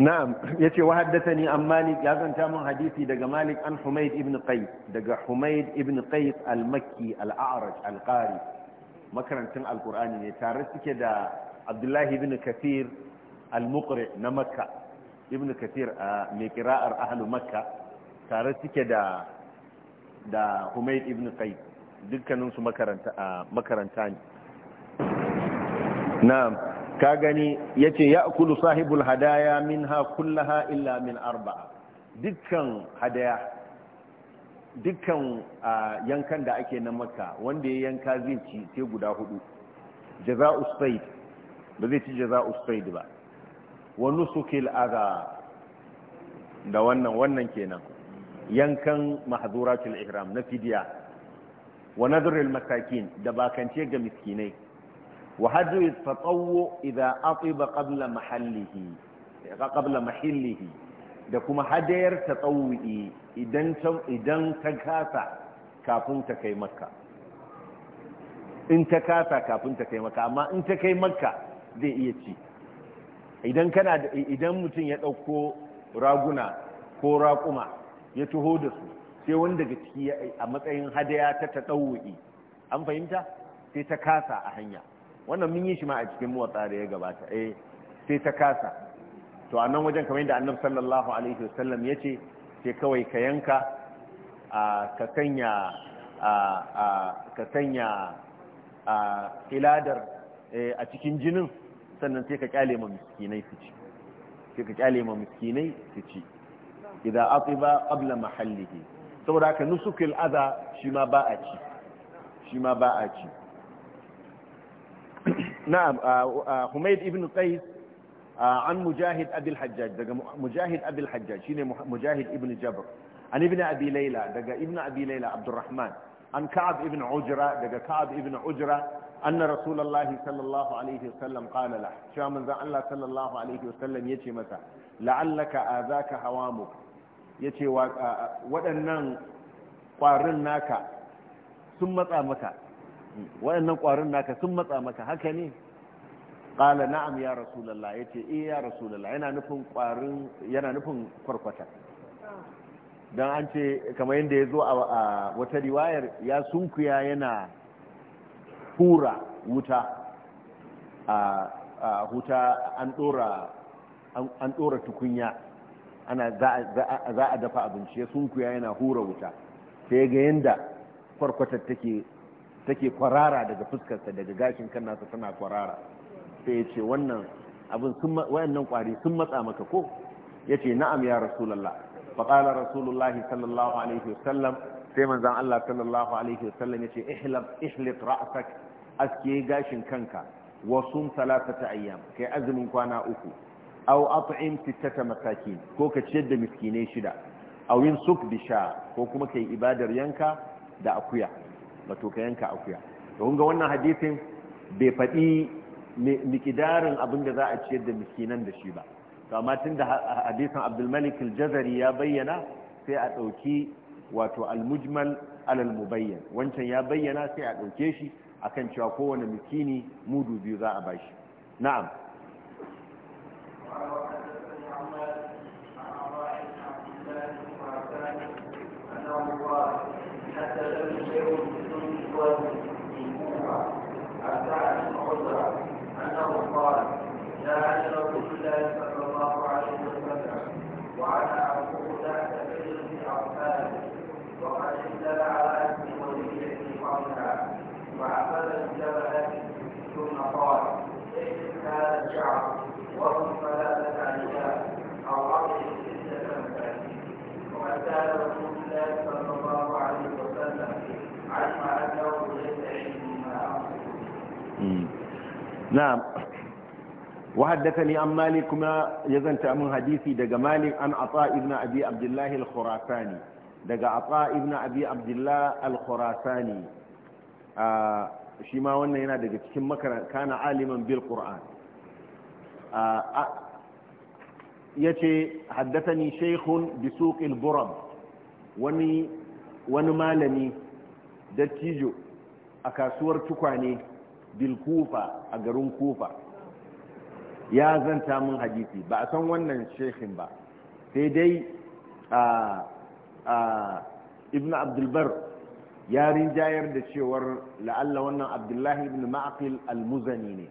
na'am yace wa haddathani an malik ya zanta min hadisi daga malik an humayd ibn qais daga humayd ibn qais al-makki al-a'raj al-qari makarantin alqur'ani ne tare suke da abdullahi ibn kathir al-muqri na makka ibn kathir mai qira'ar ahlu makka tare suke da da humayd ibn qais dukkanin makaranta ne na'am ka gani ya ce ya akulu sahibul hadaya min ha kullaha illa min arba'a dukkan hadaya dukkan yankan da ake na maka wanda ya yanka zai ci sai guda hudu jaza sayd ba zai ci jaza sayd ba wani nusukil adha da wannan wannan kenan yankan mahzuratul ihram na fidiya wa nadrul matakin da bakance ga miskinai wa hajju istatawwu idza atiba qabla mahallihi qabla mahallihi da kuma hadayar tatawwi idan idan ta kasa kafin ta kai makka in ta kasa kafin ta kai makka amma in ta kai makka zai iya ci idan kana idan mutum ya dauko raguna ko raƙuma ya tuho da su sai wanda daga ciki a matsayin hadaya ta taɗawu'i an fahimta sai ta kasa a hanya wannan mun yi shi ma a cikin muwatsa da ya gabata eh sai ta kasa to a nan wajen kamar yadda annabi sallallahu alaihi wasallam ya ce sai kawai ka yanka ka sanya ka sanya iladar eh, a cikin jinin sannan sai ka kyale ma miskinai su ci sai ka kyale ma miskinai su ci idan atiba qabla mahallihi saboda haka nusukil adha shi ma ba a ci shi ma ba a ci na'am Humayd ibn Qais an Mujahid Abil Hajjaj daga Mujahid Abil Hajjaj shine Mujahid ibn Jabr an ibn Abi daga ibn Abi Layla an Ka'ab ibn Ujra daga Ka'ab ibn Ujra anna Rasulullahi sallallahu alaihi wasallam qala la cewa manzon Allah sallallahu alaihi wasallam yace masa la'allaka azaka hawamuk yace waɗannan kwarin naka sun matsa maka waɗannan ƙwarin naka sun matsa maka haka ne ƙala na'am ya rasulallah ya ce e ya rasulallah yana nufin ƙwarin yana nufin kwarkwata don an ce kamar yadda ya zo a wata riwayar ya sunkuya yana hura wuta a huta an ɗora tukunya ana za a dafa abinci ya sunkuya yana hura wuta sai ga yadda kwarkwatar take take kwarara daga fuskarsa daga gashin kan nasa tana kwarara sai ya ce wannan abin wayannan kwari sun matsa maka ko ya ce na'am ya rasulallah faƙalar rasulullah sallallahu alaihi wasallam sai manzan Allah sallallahu alaihi wasallam ya ce ihlik ra'asak aske gashin kanka wasu sun ta ayyam kai azumin kwana uku aw at'im sittata masakin ko ka ciyar da miskinai shida aw yin suk bisha ko kuma kai ibadar yanka da akuya wato ka yanka akuya to kun ga wannan hadisin bai faɗi mikidarin abin da za a ciyar da miskinan da shi ba to amma tun da hadisin abdulmalik aljazari ya bayyana sai a ɗauki wato almujmal alal mubayyan wancan ya bayyana sai a ɗauke shi akan cewa kowane miskini mudu biyu za a bashi na'am na'am وحدثني عن مالك كما يزنت من حديثي دقى مالك عن عطاء ابن أبي عبد الله الخراساني دقى عطاء ابن أبي عبد الله الخراساني آه شما وانا هنا دقى كما كان عالما بالقرآن آه آه يتي حدثني شيخ بسوق البرب وني ونمالني دتيجو أكاسور تكواني bilkufa kufa a garin kufa ya zanta mun hadisi ba a san wannan shekhin ba sai dai ibn abdulbar ya rinjayar da cewar la'alla wannan abdullahi ibn ma'aqil al-muzani ne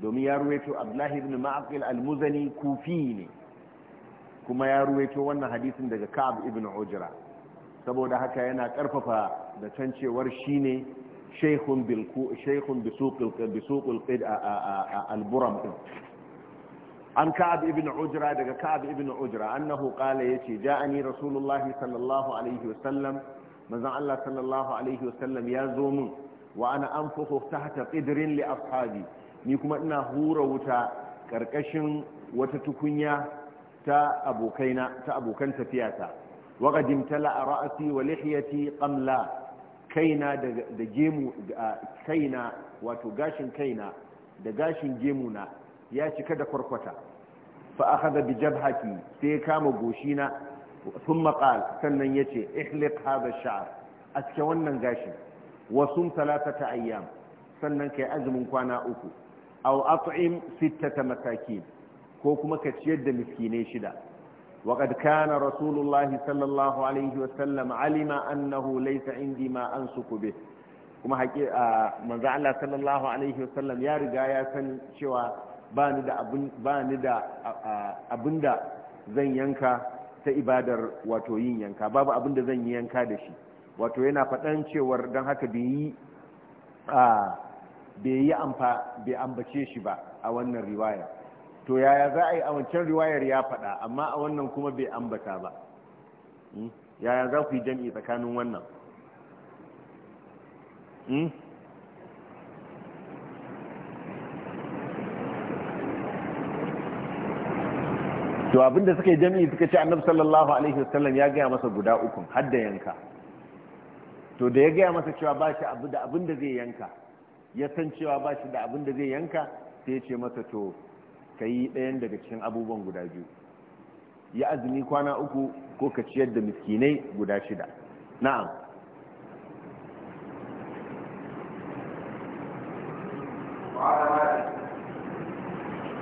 domin ya ruwaito abdullahi ibn ma'aqil al-muzani kufi ne kuma ya ruwaito wannan hadisin daga ka'ab ibn ujra saboda haka yana karfafa da cewar shine shaykhun bil shaykhun bi al-buram an ka'ab ibn ujra daga ka'ab ibn ujra annahu qala yace ja'ani rasulullahi sallallahu alaihi wasallam manzon Allah sallallahu alaihi sallam ya zo min wa ana anfukhu tahta qidrin li ashabi ni kuma ina hura wuta karkashin wata tukunya ta abokaina ta abokan tafiyata wa qad ra'si wa lihyati qamla kaina da gemu kaina wato gashin kaina da gashin gemu na ya cika da kwarkwata fa akhadha bi jabhati sai kama goshi na Sun maqal sannan yace ihliq hadha ash aske wannan gashin wa sum thalathata ayyam sannan kai azumin kwana uku aw at'im sittata masakin ko kuma ka ciyar da miskinai shida وقد كان رسول الله صلى الله عليه وسلم علم أنه ليس عندي ما أنسك به kuma haƙi a manzo Allah sallallahu alaihi wasallam ya riga ya san cewa ba ni da abun ba ni da abinda zan yanka ta ibadar wato yin yanka babu abinda zan yi yanka da shi wato yana faɗan cewar don haka bai yi a bai yi amfa bai ambace shi ba a wannan riwaya to yaya za a yi a wancan riwayar ya faɗa amma a wannan kuma bai ambata ba hmm? yaya za ku yi jam'i tsakanin wannan hmm? to abinda suka yi jam'i suka ce annabi sallallahu alaihi wasallam ya gaya masa guda uku har da yanka to da ya gaya masa cewa ba shi abu da abinda zai yanka ya san cewa ba shi da abinda zai yanka sai ya ce masa to ka yi ɗayan daga cikin abubuwan guda biyu ya azumi kwana uku ko ka ciyar da miskinai guda shida na'am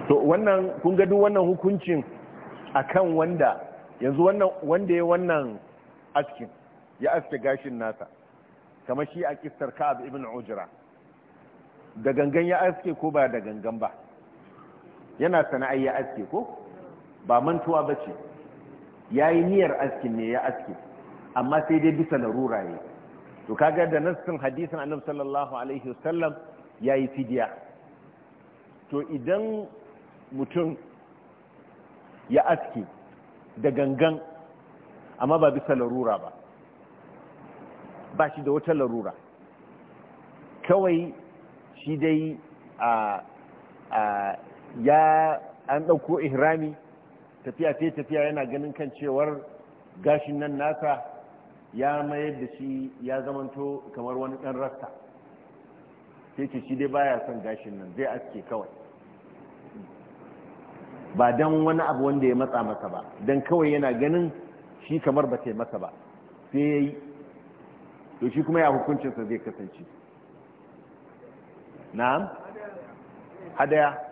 to wannan kun ga duk wannan hukuncin akan wanda yanzu wanda ya wannan askin ya aske gashin nasa kamar shi a kistar ka'ab ibn ujra da gangan ya aske ko ba da gangan ba yana sana'ai ya aske ko ba mantuwa ba ce ya yi niyyar askin ne ya aske amma sai dai bisa larura ne to kaga da nassin hadisin annabi sallallahu alaihi wasallam ya yi fidiya to idan mutum ya aske da gangan amma ba bisa larura ba ba shi da wata larura kawai shi dai a ya an ɗauko ihrami tafiya ta tafiya yana ganin kan cewar gashin nan nasa ya mayar da shi ya zamanto kamar wani ɗan rasta sai ce shi dai baya son gashin nan zai aske kawai ba don wani abu wanda ya matsa masa ba don kawai yana ganin shi kamar ba ta masa ba sai ya yi to shi kuma ya hukuncinsa zai kasance na'am hadaya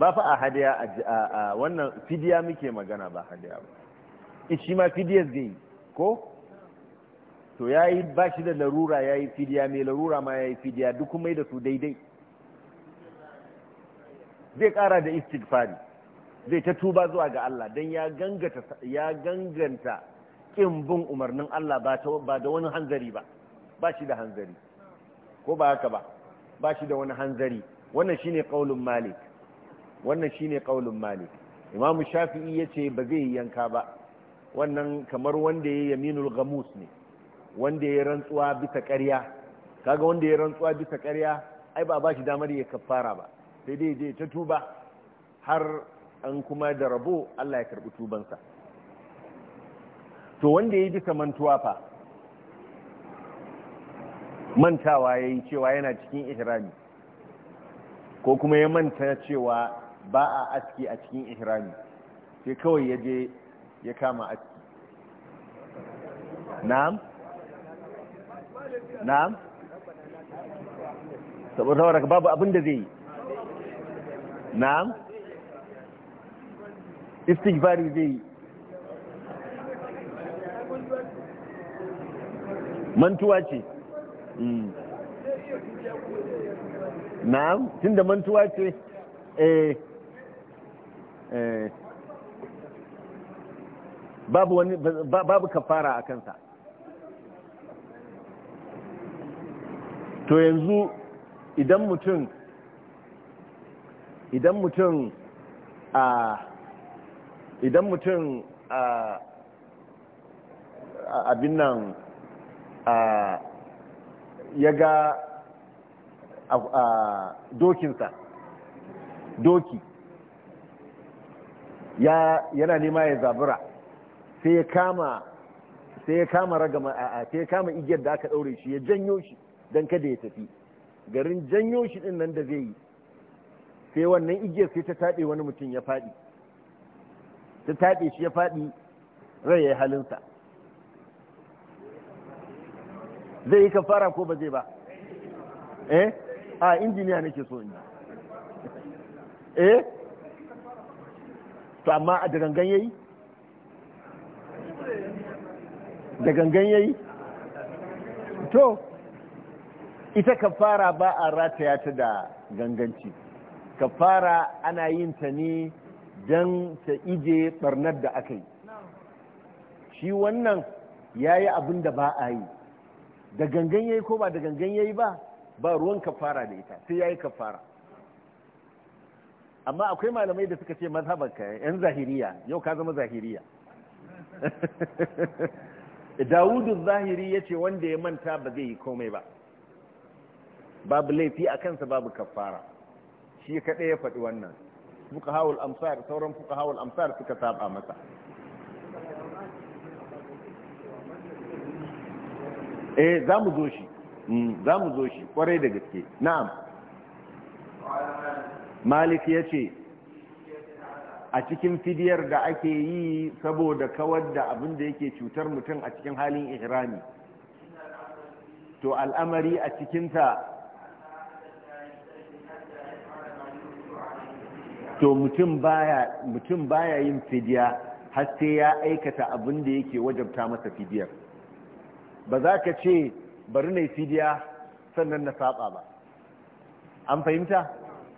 ba fa a hadiya a wannan fidiya muke magana ba hadiya ba shi ma fidiyar zai ko to ya yi ba shi da larura ya yi fidiya mai larura ma ya yi fidiya duk yi da su daidai zai kara da istighfari zai ta tuba zuwa ga Allah don ya ganganta ƙin bin umarnin Allah ba da wani hanzari ba ba shi da hanzari ko ba haka ba ba shi da wani hanzari wannan shine qaulun malik wannan shine qaulun mali. imam shafi'i yace ba zai yanka ba wannan kamar wanda ya yaminul gamus ne wanda yayi rantsuwa bisa ƙarya kaga wanda ya rantsuwa bisa ƙarya ai ba ba shi damar ya kaffara ba sai dai je ta tuba har an kuma da rabo Allah ya karbi tubansa to wanda ya bisa mantuwa fa mantawa yayi cewa yana cikin ihrami ko kuma ya manta cewa ba a aski a cikin ihrami sai kawai ya je ya kama aski na'am na'am saboda wadda babu abin da zai yi na'am istighfari zai yi mantuwa ce hmm. na'am da mantuwa ce eh Eh. babu wani babu kafara a kansa to yanzu idan mutum idan mutum a idan mutum a abin nan a ya ga dokinsa doki ya yana nema ya zabura sai ya kama sai ya kama ragama a sai ya kama igiyar da aka daure shi ya janyo shi dan kada ya tafi garin janyo shi din nan da zai yi sai wannan igiyar sai ta taɓe wani mutum ya faɗi ta taɓe shi ya faɗi rai ya halinsa zai yi kafara ko ba zai ba eh a injiniya nake so in eh to amma a dagangan yayi dagangan yayi to ita kafara ba a rataya ta da ganganci kafara ana yin ta ne don ta ije barnar da aka yi shi wannan ya yi abin da ba a yi da gangan yayi ko ba da gangan yayi ba ba ruwan kafara da ita sai ya yi kafara amma akwai malamai da suka ce mazhabanka yan zahiriya yau ka zama zahiriya dawudu zahiri ya ce wanda ya manta ba zai yi komai ba babu laifi a kansa babu kafara shi kaɗai ya faɗi wannan fuka hawul amsar sauran fuka hawul amsar suka saba masa eh za mu zo shi hmm, za mu zo shi kwarai da gaske na'am malik ya ce a cikin fidiyar da ake yi saboda kawar da abin da yake cutar mutum a cikin halin ihrami to al'amari a cikinta to mutum baya mutum yin fidiya har sai ya aikata abin da yake wajabta masa fidiyar ba za ka ce bari na fidiya sannan na saba ba an fahimta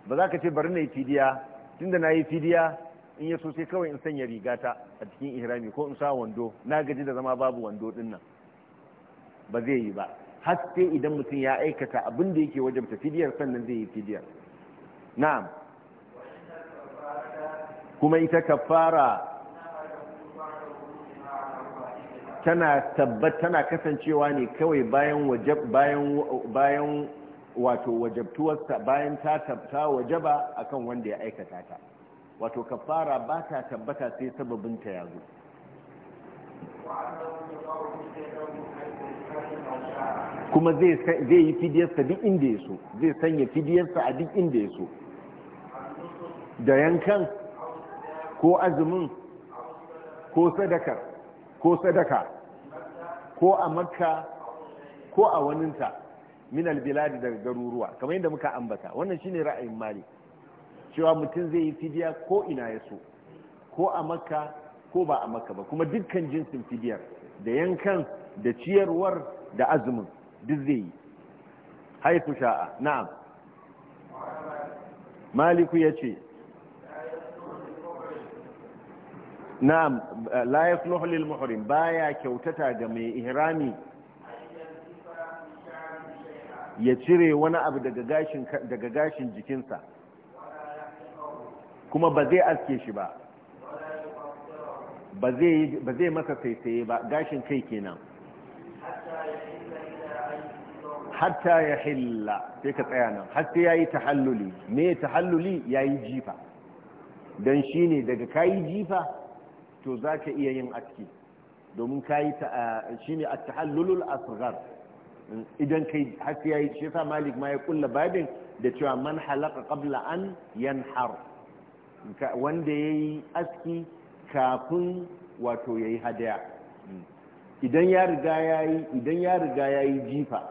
ba za ka ce bari na yi fidiya tun da na yi fidiya in ya so sai kawai in sanya rigata a cikin ihrami ko in sa wando na gaji da zama babu wando din nan ba zai yi ba har sai idan mutum ya aikata abin da yake wajen fidiyar sannan zai yi fidiyar na'am kuma ita kafara tana tabbat tana kasancewa ne kawai bayan bayan bayan wato wajabtuwarsa bayan ta tabta wajaba akan wanda ya aikata ta wato kafara ba ta tabbata sai sababin ta yazo kuma zai yi fidiyarsa duk inda ya so zai sanya fidiyarsa a duk inda ya so da yankan ko azumin ko sadakar ko sadaka ko a makka ko a waninta min albiladi daga garuruwa kamar yadda muka ambata wannan shine ra'ayin malik cewa mutum zai yi fidiya ko ina ya so ko a makka ko ba a makka ba kuma dukkan jinsin fidiyar da yankan da ciyarwar da azumin duk zai yi haifu sha'a na'am maliku ya ce na'am la yasluhu lil muhrim baya kyautata ga mai ihrami ya cire wani abu daga gashin jikinsa kuma ba zai aske shi ba ba zai masa saisaye ba gashin kai kenan hatta ya hilla sai ka tsaya nan hatta ya yi tahalluli me tahalluli ya yi jifa don shi ne daga yi jifa to za ka iya yin aski domin ka ta shi ne a tahallulul asirar idan kai har sai yayi shi malik ma ya kulla babin da cewa man halaka qabla an yanhar wanda yayi aski kafin wato yayi hadaya idan ya riga yayi idan ya riga yayi jifa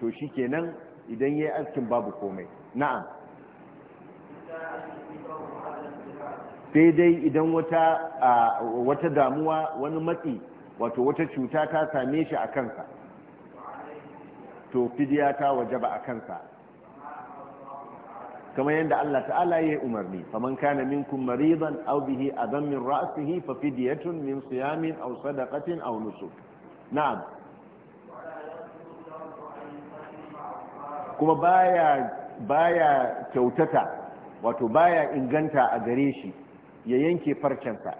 to shikenan idan yayi askin babu komai na'am sai dai idan wata wata damuwa wani matsi wato wata cuta ta same shi a kansa to fidiya ta wajaba a kansa kamar yadda Allah ta'ala ya yi umarni faman kana minkum maridan aw bihi adam min ra'sihi fa fidyatun min siyamin aw sadaqatin aw nusuk na'am kuma baya baya kyautata wato baya inganta a gare shi ya yanke farcensa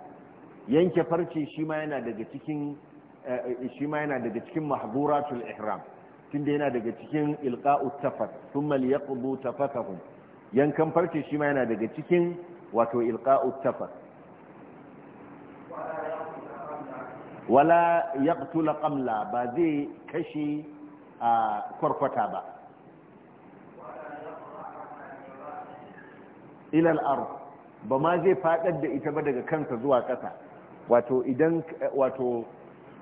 yanke farce shi ma yana daga cikin eh, shi ma yana daga cikin ihram tun da yana daga cikin ilqa'u tafat thumma liyaqdu tafatahum yankan farce shi ma yana daga cikin wato ilqa'u tafat wala yaqtul qamla ba zai kashi a kwarkwata ba ila al ba ma zai faɗar da ita ba daga kansa zuwa ƙasa wato idan wato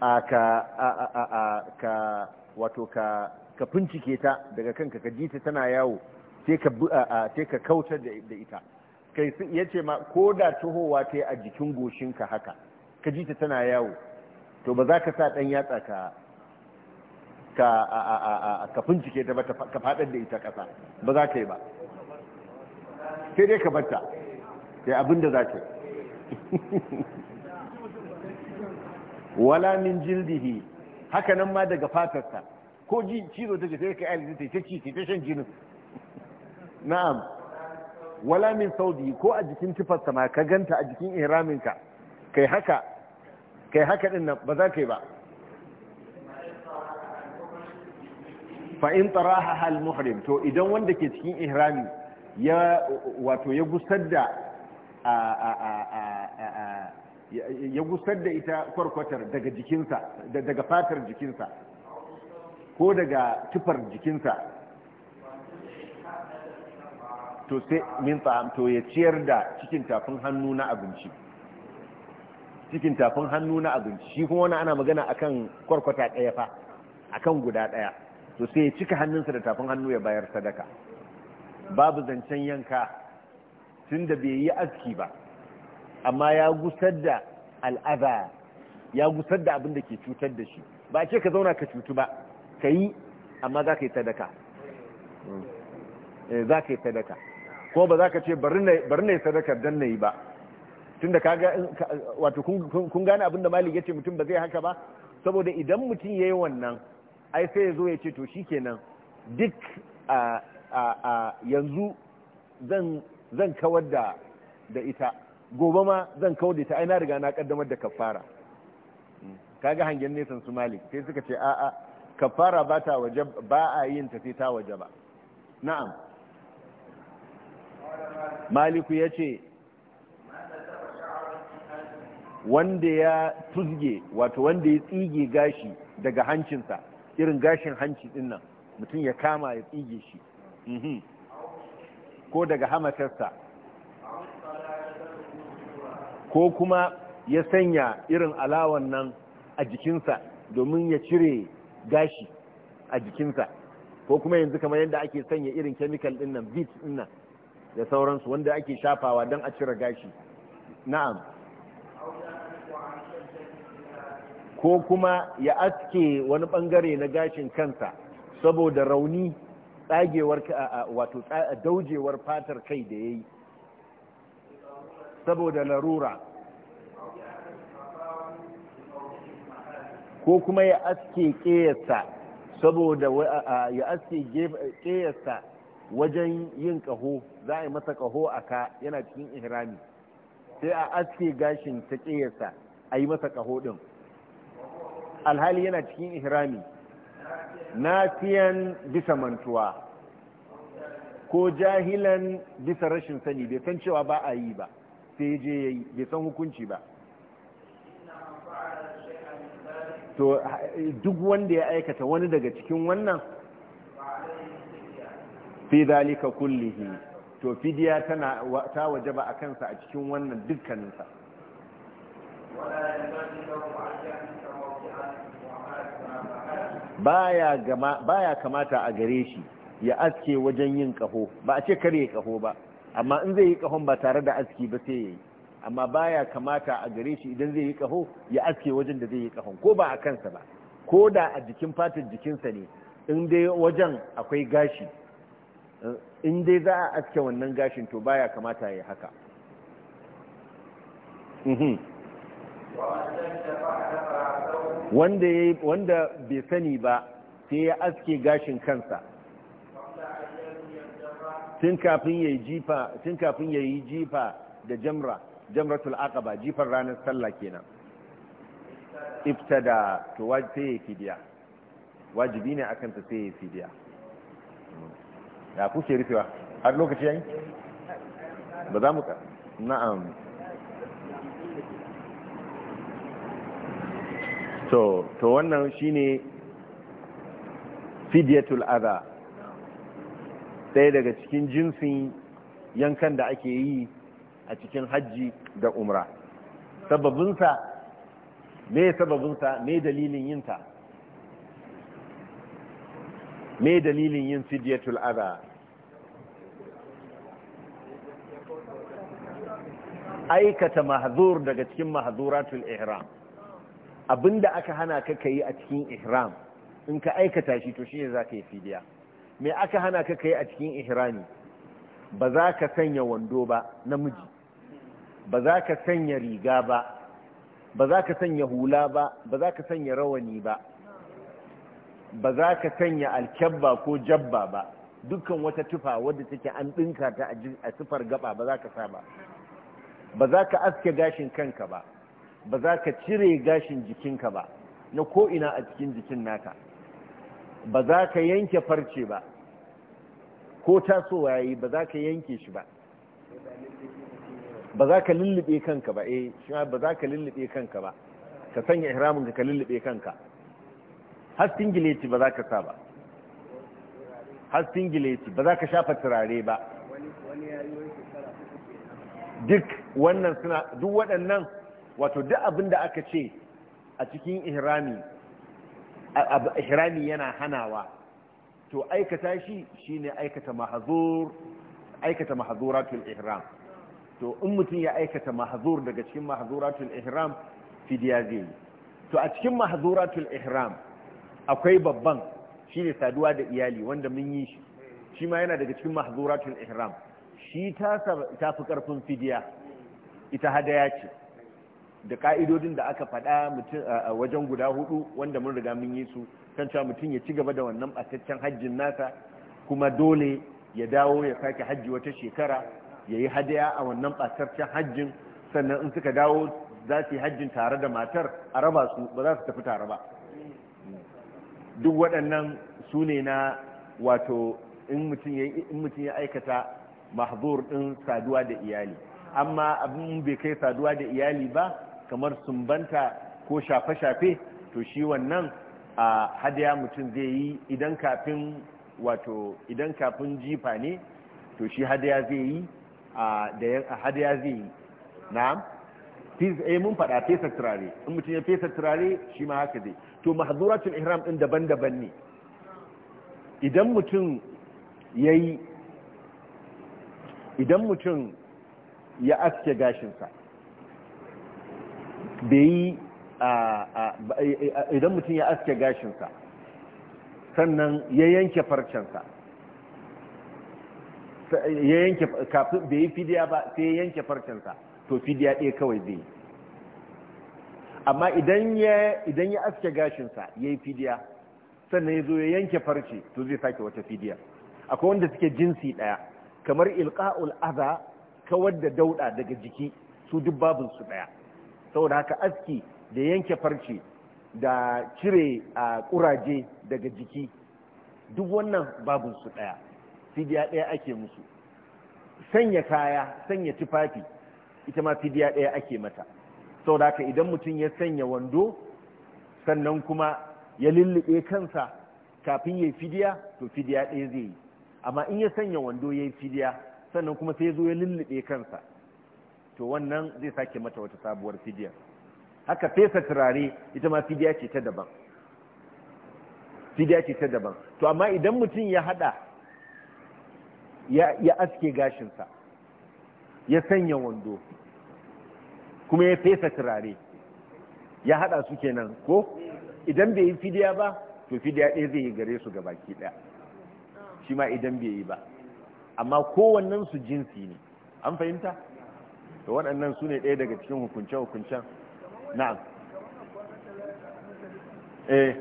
a ka wato ka ka bincike ta daga kanka ka ji ta tana yawo sai ka sai ka kautar da ita kai yace ma ko da tuhowa ta a jikin goshinka haka ka ji ta tana yawo to ba za ka sa dan yatsa ka ka ka ta ba ka fadar da ita kasa ba za ka yi ba sai dai ka barta sai abin da za ka yi wala min jildihi haka nan ma daga fatarsa ko ji cizo ta ce sai ka ayyana ta ci ta shan jinin na'am wala min saudi ko a jikin tufarsa ma ka ganta a jikin ihraminka kai haka kai haka din nan ba za ka yi ba fa in taraha hal muhrim to idan wanda ke cikin ihrami ya wato ya gusar da a a a a ya gusar da ita kwarkwatar daga jikinsa daga fatar jikinsa ko daga tufar jikinsa to sai min ya ciyar da cikin tafin hannu na abinci cikin tafin hannu na abinci shi kuma wani ana magana akan kwarkwata ɗaya fa akan guda ɗaya to sai ya cika hannunsa da tafin hannu ya bayar sadaka babu zancen yanka tun da bai yi aski ba amma ya gusar da al'aza ya gusar da abin da ke cutar da shi ba ce ka zauna ka cutu ba ka yi amma za ka yi sadaka eh, za ka yi sadaka ko ba za ka ce bari na yi sadakar don na yi ba tun da wato kun gane abin da malin ya ce mutum ba zai haka ba saboda idan mutum ya yi wannan ai sai ya zo ya ce to shi kenan duk yanzu zan kawar da ita gobe ma zan kaude ta ai riga na kaddamar da kafara kaga hangen nesan su malik sai suka ce a'a kafara ba ta waje ba a yin ta sai ta waje ba na'am maliku ya ce wanda ya tuzge wato wanda ya tsige gashi daga hancinsa irin gashin hanci din nan mutum ya kama ya tsige shi mhm. ko daga hamatarsa ko kuma ya sanya irin alawan nan a jikinsa domin ya cire gashi a jikinsa ko kuma yanzu kamar yadda ake sanya irin chemical din nan bit din nan da sauransu wanda ake shafawa don a cire gashi na'am ko kuma ya aske wani bangare na gashin kansa saboda rauni tsagewar wato daujewar fatar kai da ya yi saboda larura ko kuma ya aske ƙeyarsa saboda ya aske ƙeyarsa wajen yin ƙaho za a yi masa ƙaho a ka yana cikin ihrami sai a aske gashin ta ƙeyarsa a yi masa ƙaho ɗin alhali yana cikin ihrami fiyan bisa mantuwa ko jahilan bisa rashin sani bai san cewa ba a yi ba sai je ya yi bai san hukunci ba to duk wanda ya aikata wani daga cikin wannan fi ka kullihi to fidiya tana ta ba a kansa a cikin wannan dukkaninsa baya kamata a gare shi ya aske wajen yin kaho ba a ce kare kaho ba amma in zai yi kahon ba tare da aski ba sai ya yi amma baya kamata a gare shi idan zai yi kaho ya aske wajen da zai yi kahon ko ba a kansa ba ko da a jikin fatar jikinsa ne in dai wajen akwai gashi in dai za a aske wannan gashin to baya kamata ya haka mhm. wanda wanda bai sani ba sai ya aske gashin kansa tun kafin ya yi jifa da jamra jamratul aqaba jifar ranar sallah kenan Ibtada to wajibi sai fidiya wajibi ne akan ta sai fidiya ya kuke rufewa har lokaci yayi ba za mu ka na'am to to wannan shine fidyatul adha sai daga cikin jinsin yankan da ake yi a cikin hajji da umra sababinsa me sababinsa me dalilin yinta me dalilin yin fidyatul adha aikata mahzur daga cikin mahzuratul ihram abinda aka hana ka kai a cikin ihram in ka aikata shi to shi ne za ka yi fidiya me aka hana ka kai a cikin ihrami ba za ka sanya wando ba namiji ba za ka sanya riga ba ba za ka sanya hula ba ba za ka sanya rawani ba ba za ka sanya alkyabba ko jabba ba dukkan wata tufa wadda take an ɗinka ta a tufar gaba ba za ka sa ba ba za ka aske gashin kanka ba ba za ka cire gashin jikinka ba na ko'ina a cikin jikin naka ba za ka yanke farce ba ko tasowa yayi ba za ka yanke shi ba ba za ka lullube kanka ba eh shi ma ba za ka lullube kanka ba ka sanya ihramin ka lullube kanka har gileti ba za ka sa ba har gileti ba za ka shafa turare ba duk wannan suna duk waɗannan wato duk abin da aka ce a cikin ihrami ihrami yana hanawa to aikata shi shine aikata mahzur aikata mahzuratul ihram to in mutum ya aikata mahzur daga cikin mahzuratul ihram fidiya zai yi to a cikin mahzuratul ihram akwai babban shine saduwa da iyali wanda mun yi shi shi ma yana daga cikin mahzuratul ihram shi ta fi karfin fidiya ita hadaya ce da ka'idodin da aka faɗa mutum a wajen guda hudu wanda mun riga mun yi su kan cewa mutum ya ci gaba da wannan ɓataccen hajjin nasa kuma dole ya dawo ya sake hajji wata shekara ya yi hadaya a wannan ɓataccen hajjin sannan in suka dawo za su yi hajjin tare da matar a raba su ba za su tafi tare ba duk waɗannan su ne na wato in mutum ya aikata mahzur ɗin saduwa da iyali amma abin bai kai saduwa da iyali ba kamar sumbanta ko shafe-shafe to shi wannan a hadaya mutum zai yi idan kafin wato idan kafin jifa ne to shi hadaya zai yi da hadiya zai yi na'am eh, mun faɗa fesa turare in mutum ya fesa turare shi ma haka zai to mahzuratul ihram din daban-daban ne idan mutum yi idan mutum ya aske gashinsa da yi eh, eh, idan mutum ya aske gashinsa sannan ya yanke farcensa ya yanke kafin bai yi fidiya ba sai ya yanke farcinsa to fidiya ɗaya kawai zai amma idan ya ya aske gashinsa ya yi fidiya sannan ya zo ya yanke farce to zai sake wata fidiya akwai wanda suke jinsi ɗaya kamar ilqa'ul aza kawar da dauɗa daga jiki su duk babin su ɗaya saboda haka aski da yanke farce da cire a ƙuraje daga jiki duk wannan babin su ɗaya fidiya ɗaya ake musu sanya kaya sanya tufafi ita ma fidiya ɗaya ake mata sau da idan mutum ya sanya wando sannan kuma ya lullube kansa kafin ya yi fidiya to fidiya ɗaya zai yi amma in ya sanya wando ya yi fidiya sannan kuma sai ya zo ya lullube kansa to wannan zai sake mata wata sabuwar fidiya haka fesa turare ita ma fidiya ce ta daban fidiya ce ta daban to amma idan mutum ya hada ya aske gashinsa ya sanya wando kuma ya fesa turare ya hada su kenan ko idan bai yi fidiya ba to fidiya ɗaya zai yi gare su ga baki ɗaya shi ma idan bai yi ba amma kowannen su jinsi ne an fahimta da waɗannan su ne ɗaya daga cikin hukunce-hukuncen na eh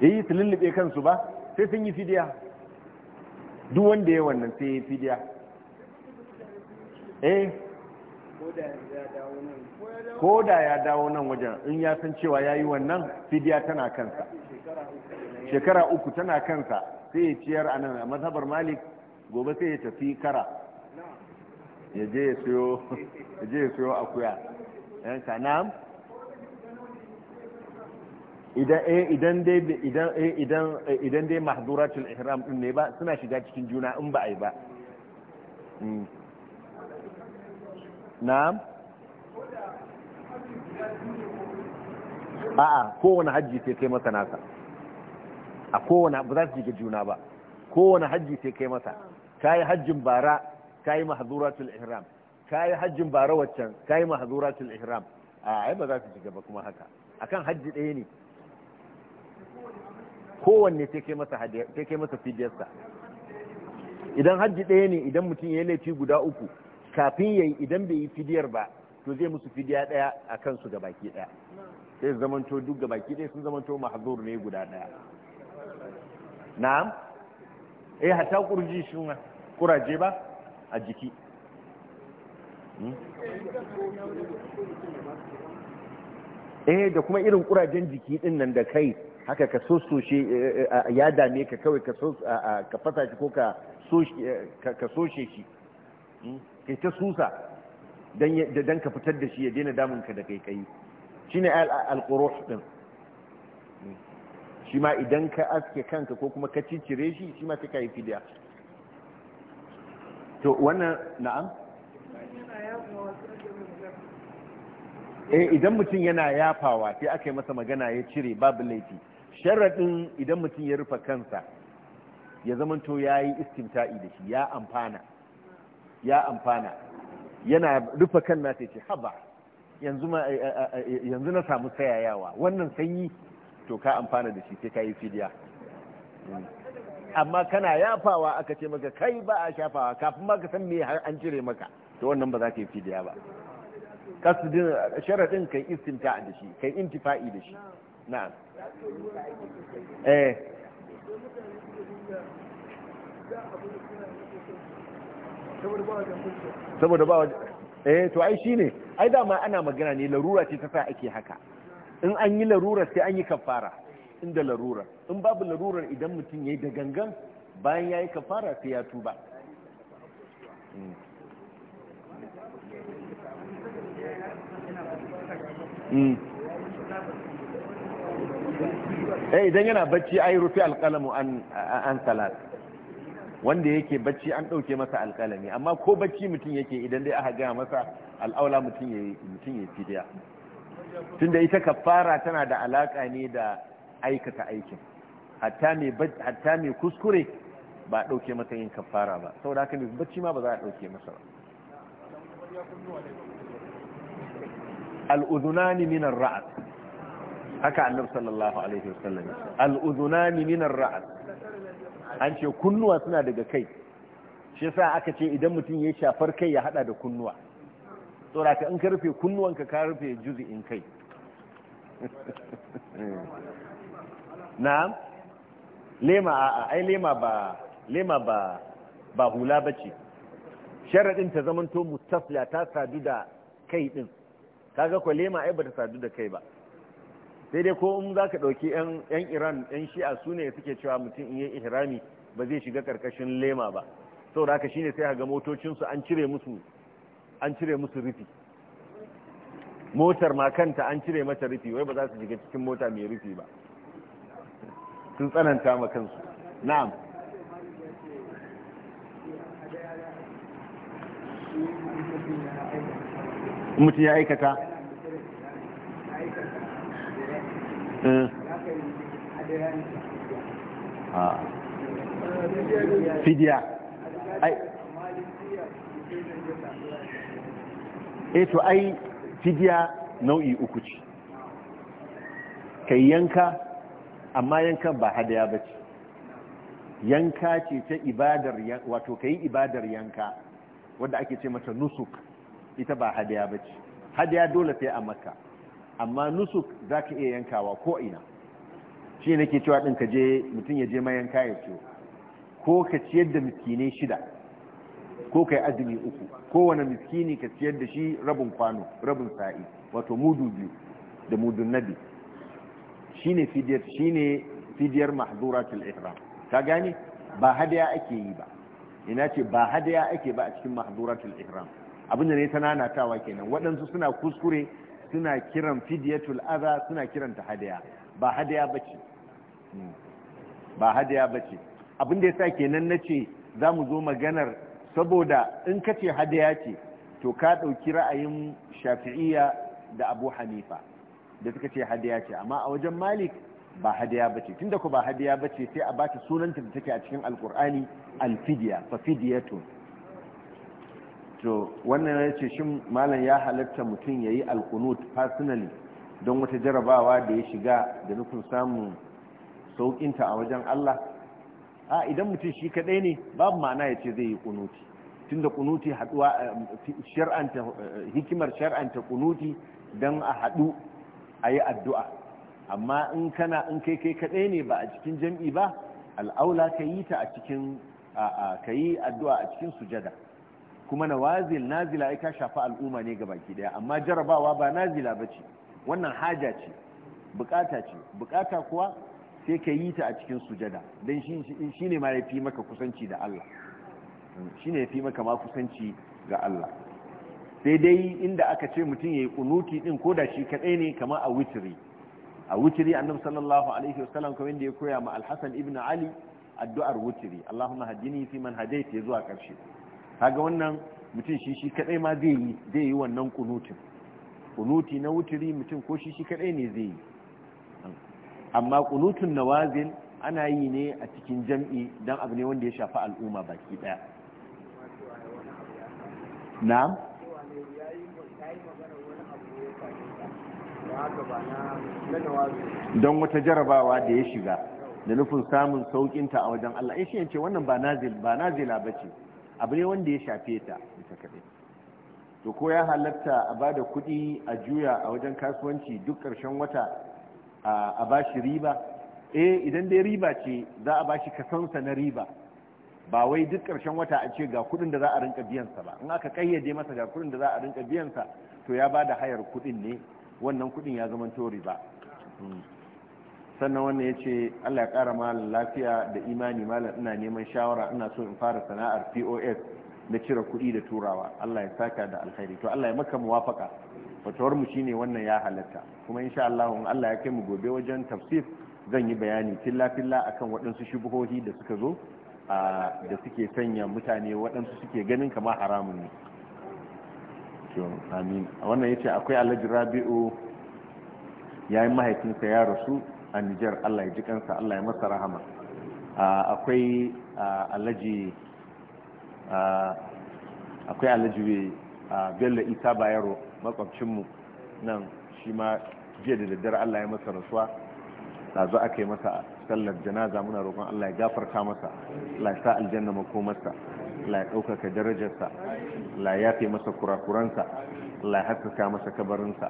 yi su lullube kansu ba sai sun yi fidiya duk wanda ya wannan sai ya fidya eh ko da ya dawo nan wajen in ya san cewa ya yi wannan fidya tana kansa shekara uku tana kansa sai ya ciyar a nan a mazhabar malik gobe sai ya tafi kara ya je ya siyo akuya yanka na idan eh idan dai idan eh idan eh, idan dai mahduratul ihram din ne ba suna shiga cikin juna in ba ai ba hmm. na'am a'a kowane hajji sai kai masa nasa a kowane ba za su shiga juna ba kowane hajji sai kai masa kayi hajjin bara kayi mahduratul ihram kayi hajjin bara waccan kayi mahduratul ihram a ai ba za su shiga ba kuma haka akan hajji ɗaya ne kowanne sai kai masa masa fidiyarsa idan hajji ɗaya ne idan mutum ya laifi guda uku kafin yayi idan bai yi fidiyar ba to zai musu fidiya ɗaya a kansu ga baki ɗaya sai zamanto duk ga baki ɗaya sun zamanto mahzur ne guda ɗaya na'am eh hata kurji shi ma kuraje ba a jiki hmm? eh da kuma irin kurajen jiki din nan da kai haka ka shi eh, eh, ya dame ka kawai ka fasa shi ko ka eh, soshe shi hmm? kai ta susa don ka fitar da shi ya daina ka da kai kai shi ne alƙuros din hmm. shi ma idan ka aske kanka ko kuma ka cicire shi shi ma sai ka yi fidiya to wannan na'am eh idan mutum yana yafawa sai aka yi masa magana ya cire babu laifi sharaɗin idan mutum ya rufe kansa ya zamanto ya yi istimta'i da shi ya amfana ya amfana yana rufe kan nasa ce haba yanzu eh, eh, eh, na samu sayayawa wannan sanyi to ka amfana da shi sai ka yi fidiya amma kana yafawa aka ce maka kai ba a shafawa kafin ma ka san me har an cire maka to wannan ba za ka yi fidiya ba kasu din sharaɗin kai istimta da shi kai intifa'i da shi نعم ايه eh. saboda ba wajen eh to ai shine ai dama ana magana ne larura ce ta sa ake haka in an yi larura sai an yi kafara inda larura in babu larurar idan mutum ya yi da gangan bayan ya yi kafara sai ya tuba hmm. Hmm. eh idan yana bacci ai rufi alqalamu an an salat wanda yake bacci an dauke masa alqalami amma ko bacci mutum yake idan dai aka gaya masa al'aula mutum yayi mutun yayi fidiya tunda ita kafara tana da alaka ne da aikata aikin hatta mai hatta kuskure ba dauke masa yin kafara ba saboda haka bacci ma ba za a dauke masa ba al'udunani min ar-ra'as haka annabi sallallahu alaihi wasallam al'udunani min ar rad an ce kunnuwa suna daga kai shi yasa aka ce idan mutum ya shafar kai ya hada da kunnuwa da ka in ka rufe kunnuwanka ka rufe juz'in kai na'am lema a'a ai lema ba lema ba ba hula bace sharadin ta zamanto mustasla ta sadu da kai din kaga ko lema ai ba ta sadu da kai ba sai dai ko in za ka ɗauki 'yan iran 'yan shi'a su ne suke cewa mutum in yi ihrami ba zai shiga ƙarƙashin lema ba sau da haka shine sai ga motocinsu an cire musu rufi motar ma kanta an cire mata rufi wai ba za su shiga cikin mota mai rufi ba sun tsananta ma kansu na'am mutum ya aikata Eh. Ah. fidiya ai e to ai fidiya nau'i uku ce kai yanka amma yankan ba hadaya ba ce yanka ce ta ibadar wato kai ibadar yanka wadda ake ce mata nusuk ita ba hadaya ba ce hadaya dole sai a maka amma nusuk za ka iya yankawa ko ina shi ne ke cewa ɗin ka je mutum ya je mayanka ya ciwo ko ka ciyar da miskinai shida ko ka yi azumi uku kowane miskini ka ciyar da shi rabin kwano rabin sa'i wato mudu biyu da mudun nabi shi ne fidiyar shi ne fidiyar ihram ka gane ba hadaya ake yi ba ina ce ba hadaya ake ba a cikin mahduratul ihram abin da ne ta nanatawa kenan waɗansu suna kuskure suna kiran fidiyatul adha suna kiranta hadaya ba hadaya bace hmm. ba hadiya bace abin da yasa kenan nace zamu zo maganar saboda in kace hadaya ce to ka dauki ra'ayin Shafi'iyya da Abu Hanifa da suka ce hadaya ce amma a wajen Malik ba hadaya bace tunda ko ba hadaya bace sai a bata sunanta da take a cikin Alqur'ani alfidya fa fidyatun to wannan ya ce shi malam ya halatta mutum ya yi alkunut personally don wata jarabawa da ya shiga da nufin samun saukinta a wajen Allah a idan mutum shi kaɗai ne babu ma'ana ya ce zai yi kunuti da kunuti haɗuwa eh, shar'anta eh, hikimar shar'anta kunuti don a haɗu a yi addu'a amma in kana in kai kai kaɗai ne ba a cikin jam'i ba al'aula ka yi ta ka yi addu'a a cikin sujada kuma nawazil nazila ai ka shafi al'umma ne gabaki daya amma jarabawa ba nazila ce, wannan haja ce bukata ce bukata kuwa sai ka yi ta a cikin sujada don shi ne ma ya fi maka kusanci da Allah shi ne maka ma kusanci ga Allah sai dai inda aka ce mutum ya yi kunuti din ko da shi kaɗai ne kama a wutiri a witiri annabi sallallahu alaihi wasallam kamar da ya koya ma alhassan ibn ali addu'ar wutiri allahumma hadini fi man hadayt ya zuwa karshe Haga wannan mutum shi shi kadai ma zai yi zai yi wannan kunutin kunuti na wuturi mutum ko shi shi kadai ne zai yi amma kunutun nawazil ana yi ne a cikin jam'i dan abu ne wanda ya shafi al'umma baki daya na'am don wata jarabawa da ya shiga da nufin samun saukinta a wajen Allah ya eh, shi yance wannan ba nazila ba ce bace abu ne wanda ya shafe ta ita kaɗai to ko ya halatta a ba da kuɗi a juya a wajen kasuwanci duk ƙarshen wata a ba shi riba eh idan dai riba ce za a ba shi kasansa na riba ba wai duk ƙarshen wata a ce ga kuɗin da za a rinka biyansa ba in aka kayyade masa ga kuɗin da za a rinka biyansa to ya ba da hayar kuɗin ne wannan kuɗin ya zama tori riba hmm. sannan wannan ya ce allah ya kara malam lafiya da imani malam ina neman shawara ina so in fara sana'ar pos na cire kuɗi da turawa allah ya saka da alkhairi to allah ya maka muwafaka fatawar mu shine wannan ya halatta kuma insha allah allah ya kai mu gobe wajen tafsir zan yi bayani filla filla akan waɗansu shubuhohi da suka zo da suke sanya mutane waɗansu suke ganin kamar haramun ne amin wannan yace akwai alhaji rabi'u yayin mahaifinsa ya rasu a Nijar Allah ya ji kansa Allah ya masa rahama akwai alaji akwai Bello ita Bayero makwabcinmu nan shi ma jiya da daddare Allah ya masa rasuwa ɗazu aka yi masa sallar janaza muna roƙon Allah ya gafarta masa Allah ya sa aljanna makomarsa Allah ya ɗaukaka darajarsa Allah ya yafe masa kurakuransa Allah ya haskaka masa kabarinsa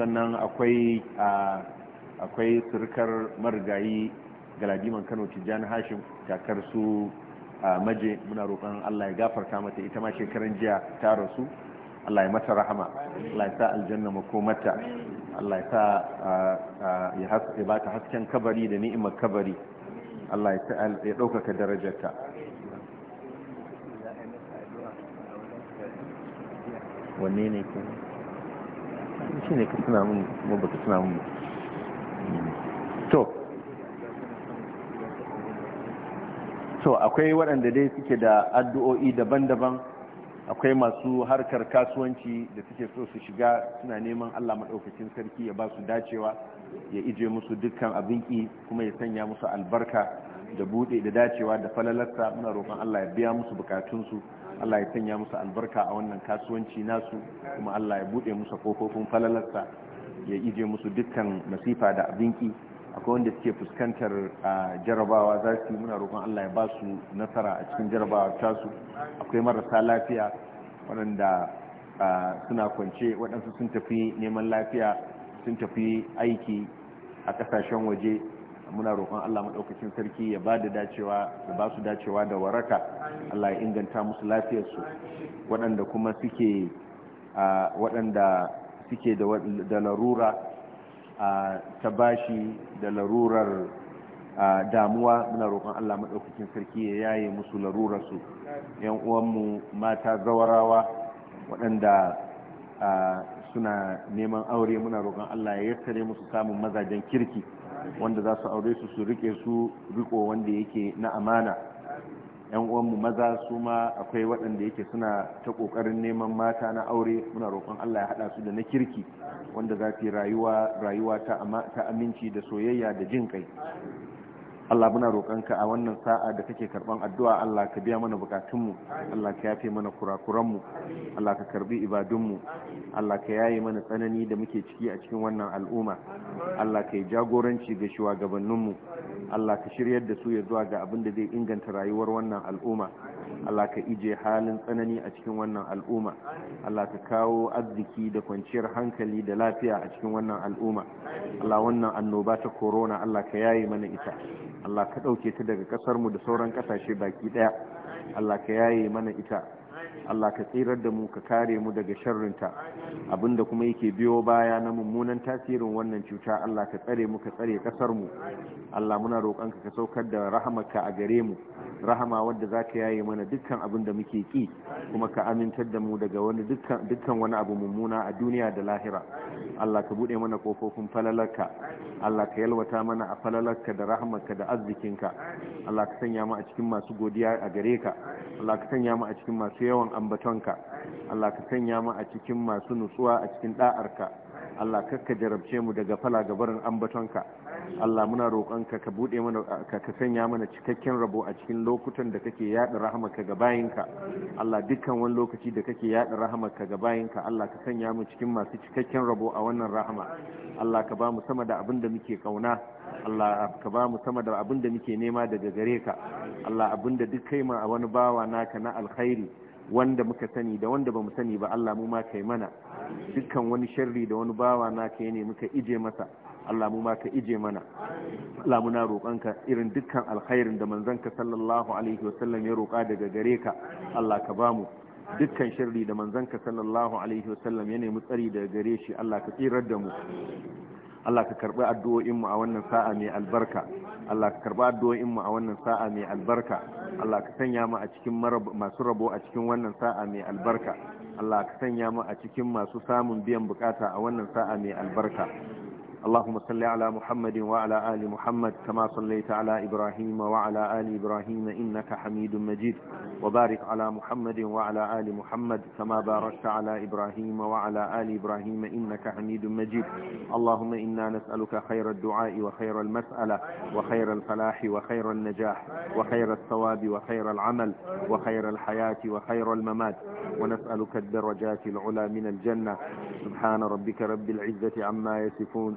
sannan akwai akwai surkar marigayi galadiman kano tijjan hashim kakar su a maje muna roƙon allah ya gafarta mata ita ma shekaran jiya ta rasu allah ya mata rahama allah ya sa aljanna makomata allah ya sa ya ba ta hasken kabari da ni'imar kabari allah ya ɗaukaka darajarta wanne ne ke shi ne ka suna mun mabata suna mun to akwai waɗanda dai suke da addu'o'i daban-daban akwai masu harkar kasuwanci da suke so su shiga suna neman Allah maɗaukacin sarki ya ba su dacewa ya ije musu dukkan abinki kuma ya sanya musu albarka da buɗe da dacewa da falalarsa muna roƙon Allah ya biya musu bukatunsu Allah ya sanya musu albarka a wannan kasuwanci nasu kuma Allah ya buɗe musu kofofin falalarsa ya ije musu dukkan masifa da abinki akwai wanda suke fuskantar jarabawa za su muna roƙon Allah ya ba su nasara a cikin jarabawa tasu akwai marasa lafiya waɗanda suna kwance waɗansu sun tafi neman lafiya sun tafi aiki a ƙasashen waje muna roƙon Allah maɗaukacin sarki ya ba da dacewa ya ba su dacewa da waraka Allah ya inganta musu lafiyarsu waɗanda kuma suke waɗanda suke da larura ta bashi da larurar damuwa muna roƙon Allah maɗaukakin sarki ya yaye musu larurarsu yan uwanmu mata zawarawa waɗanda suna neman aure muna roƙon Allah ya yattare musu samun mazajen kirki wanda za su aure su su riƙe su riƙo wanda yake na amana yan uwanmu maza su ma akwai waɗanda yake suna ta kokarin neman mata na aure muna roƙon Allah ya haɗa su da na kirki wanda za su rayuwa rayuwa ta aminci da soyayya da jin kai Allah muna roƙon ka a wannan sa'a da kake karɓan addu'a Allah ka biya mana bukatunmu Allah ka yafe mana kurakuranmu Allah ka karbi ibadunmu Allah ka yaye mana tsanani da muke ciki a cikin wannan al'umma Allah ka yi jagoranci ga shugabanninmu Allah ka shiryar da su ya zuwa ga abin da zai inganta rayuwar wannan al'umma Allah ka ije halin tsanani a cikin wannan al'umma Allah ka kawo arziki da kwanciyar hankali da lafiya a cikin wannan al'umma Allah wannan annoba ta corona Allah ka yaye mana ita Allah ka ɗauke ta daga ƙasarmu da sauran ƙasashe baki ɗaya Allah ka yaye mana ita Allah ka tsirar da mu ka kare mu daga sharrinta abinda kuma yake biyo baya na mummunan tasirin wannan cuta Allah ka tsare mu ka tsare kasar mu Allah muna roƙon ka saukar da rahamarka a gare mu rahama wadda za ka yaye mana dukkan abin da muke ki kuma ka amintar da mu daga wani dukkan wani abu mummuna a duniya da lahira Allah ka buɗe mana kofofin falalarka Allah ka yalwata mana a falalarka da rahamarka da arzikinka Allah ka sanya mu a cikin masu godiya a gare ka Allah ka sanya mu a cikin masu yawan yawan ambatonka Allah ka sanya mu a cikin masu nutsuwa a cikin da'arka Allah kakka jarabce mu daga fala gabarin ambatonka Allah muna roƙonka ka bude mana ka ka sanya mana cikakken rabo a cikin lokutan da kake yada rahamarka ga bayinka Allah dukkan wani lokaci da kake yada rahamarka ga bayinka Allah ka sanya mu cikin masu cikakken rabo a wannan rahama Allah ka ba mu sama da abin da muke kauna Allah ka ba mu sama da abin da muke nema daga gare ka Allah abin da duk kai ma a wani bawa naka na alkhairi wanda muka sani da wanda mu sani ba Allah mu ma kai mana dukkan wani sharri da wani bawa naka ne muka ije masa Allah mu ma ka ije mana Allah muna roƙonka irin dukkan alkhairin da manzanka sallallahu alaihi wasallam ya roƙa daga gare ka Allah ka ba mu dukkan sharri da manzanka sallallahu alaihi wasallam ya nemi tsari daga gare shi Allah ka tsirar da mu Allah ka karɓi addu'o'inmu a wannan sa'a mai albarka Allah ka karɓi addu'o'inmu a wannan sa'a mai albarka Allah ka sanya mu a cikin masu rabo a cikin wannan sa'a mai albarka Allah ka sanya mu a cikin masu samun biyan bukata a wannan sa'a mai albarka اللهم صل على محمد وعلى آل محمد كما صليت على إبراهيم وعلى آل إبراهيم إنك حميد مجيد وبارك على محمد وعلى آل محمد كما باركت على إبراهيم وعلى آل إبراهيم إنك حميد مجيد اللهم إنا نسألك خير الدعاء وخير المسألة وخير الفلاح وخير النجاح وخير الثواب وخير العمل وخير الحياة وخير الممات ونسألك الدرجات العلى من الجنة سبحان ربك رب العزة عما يصفون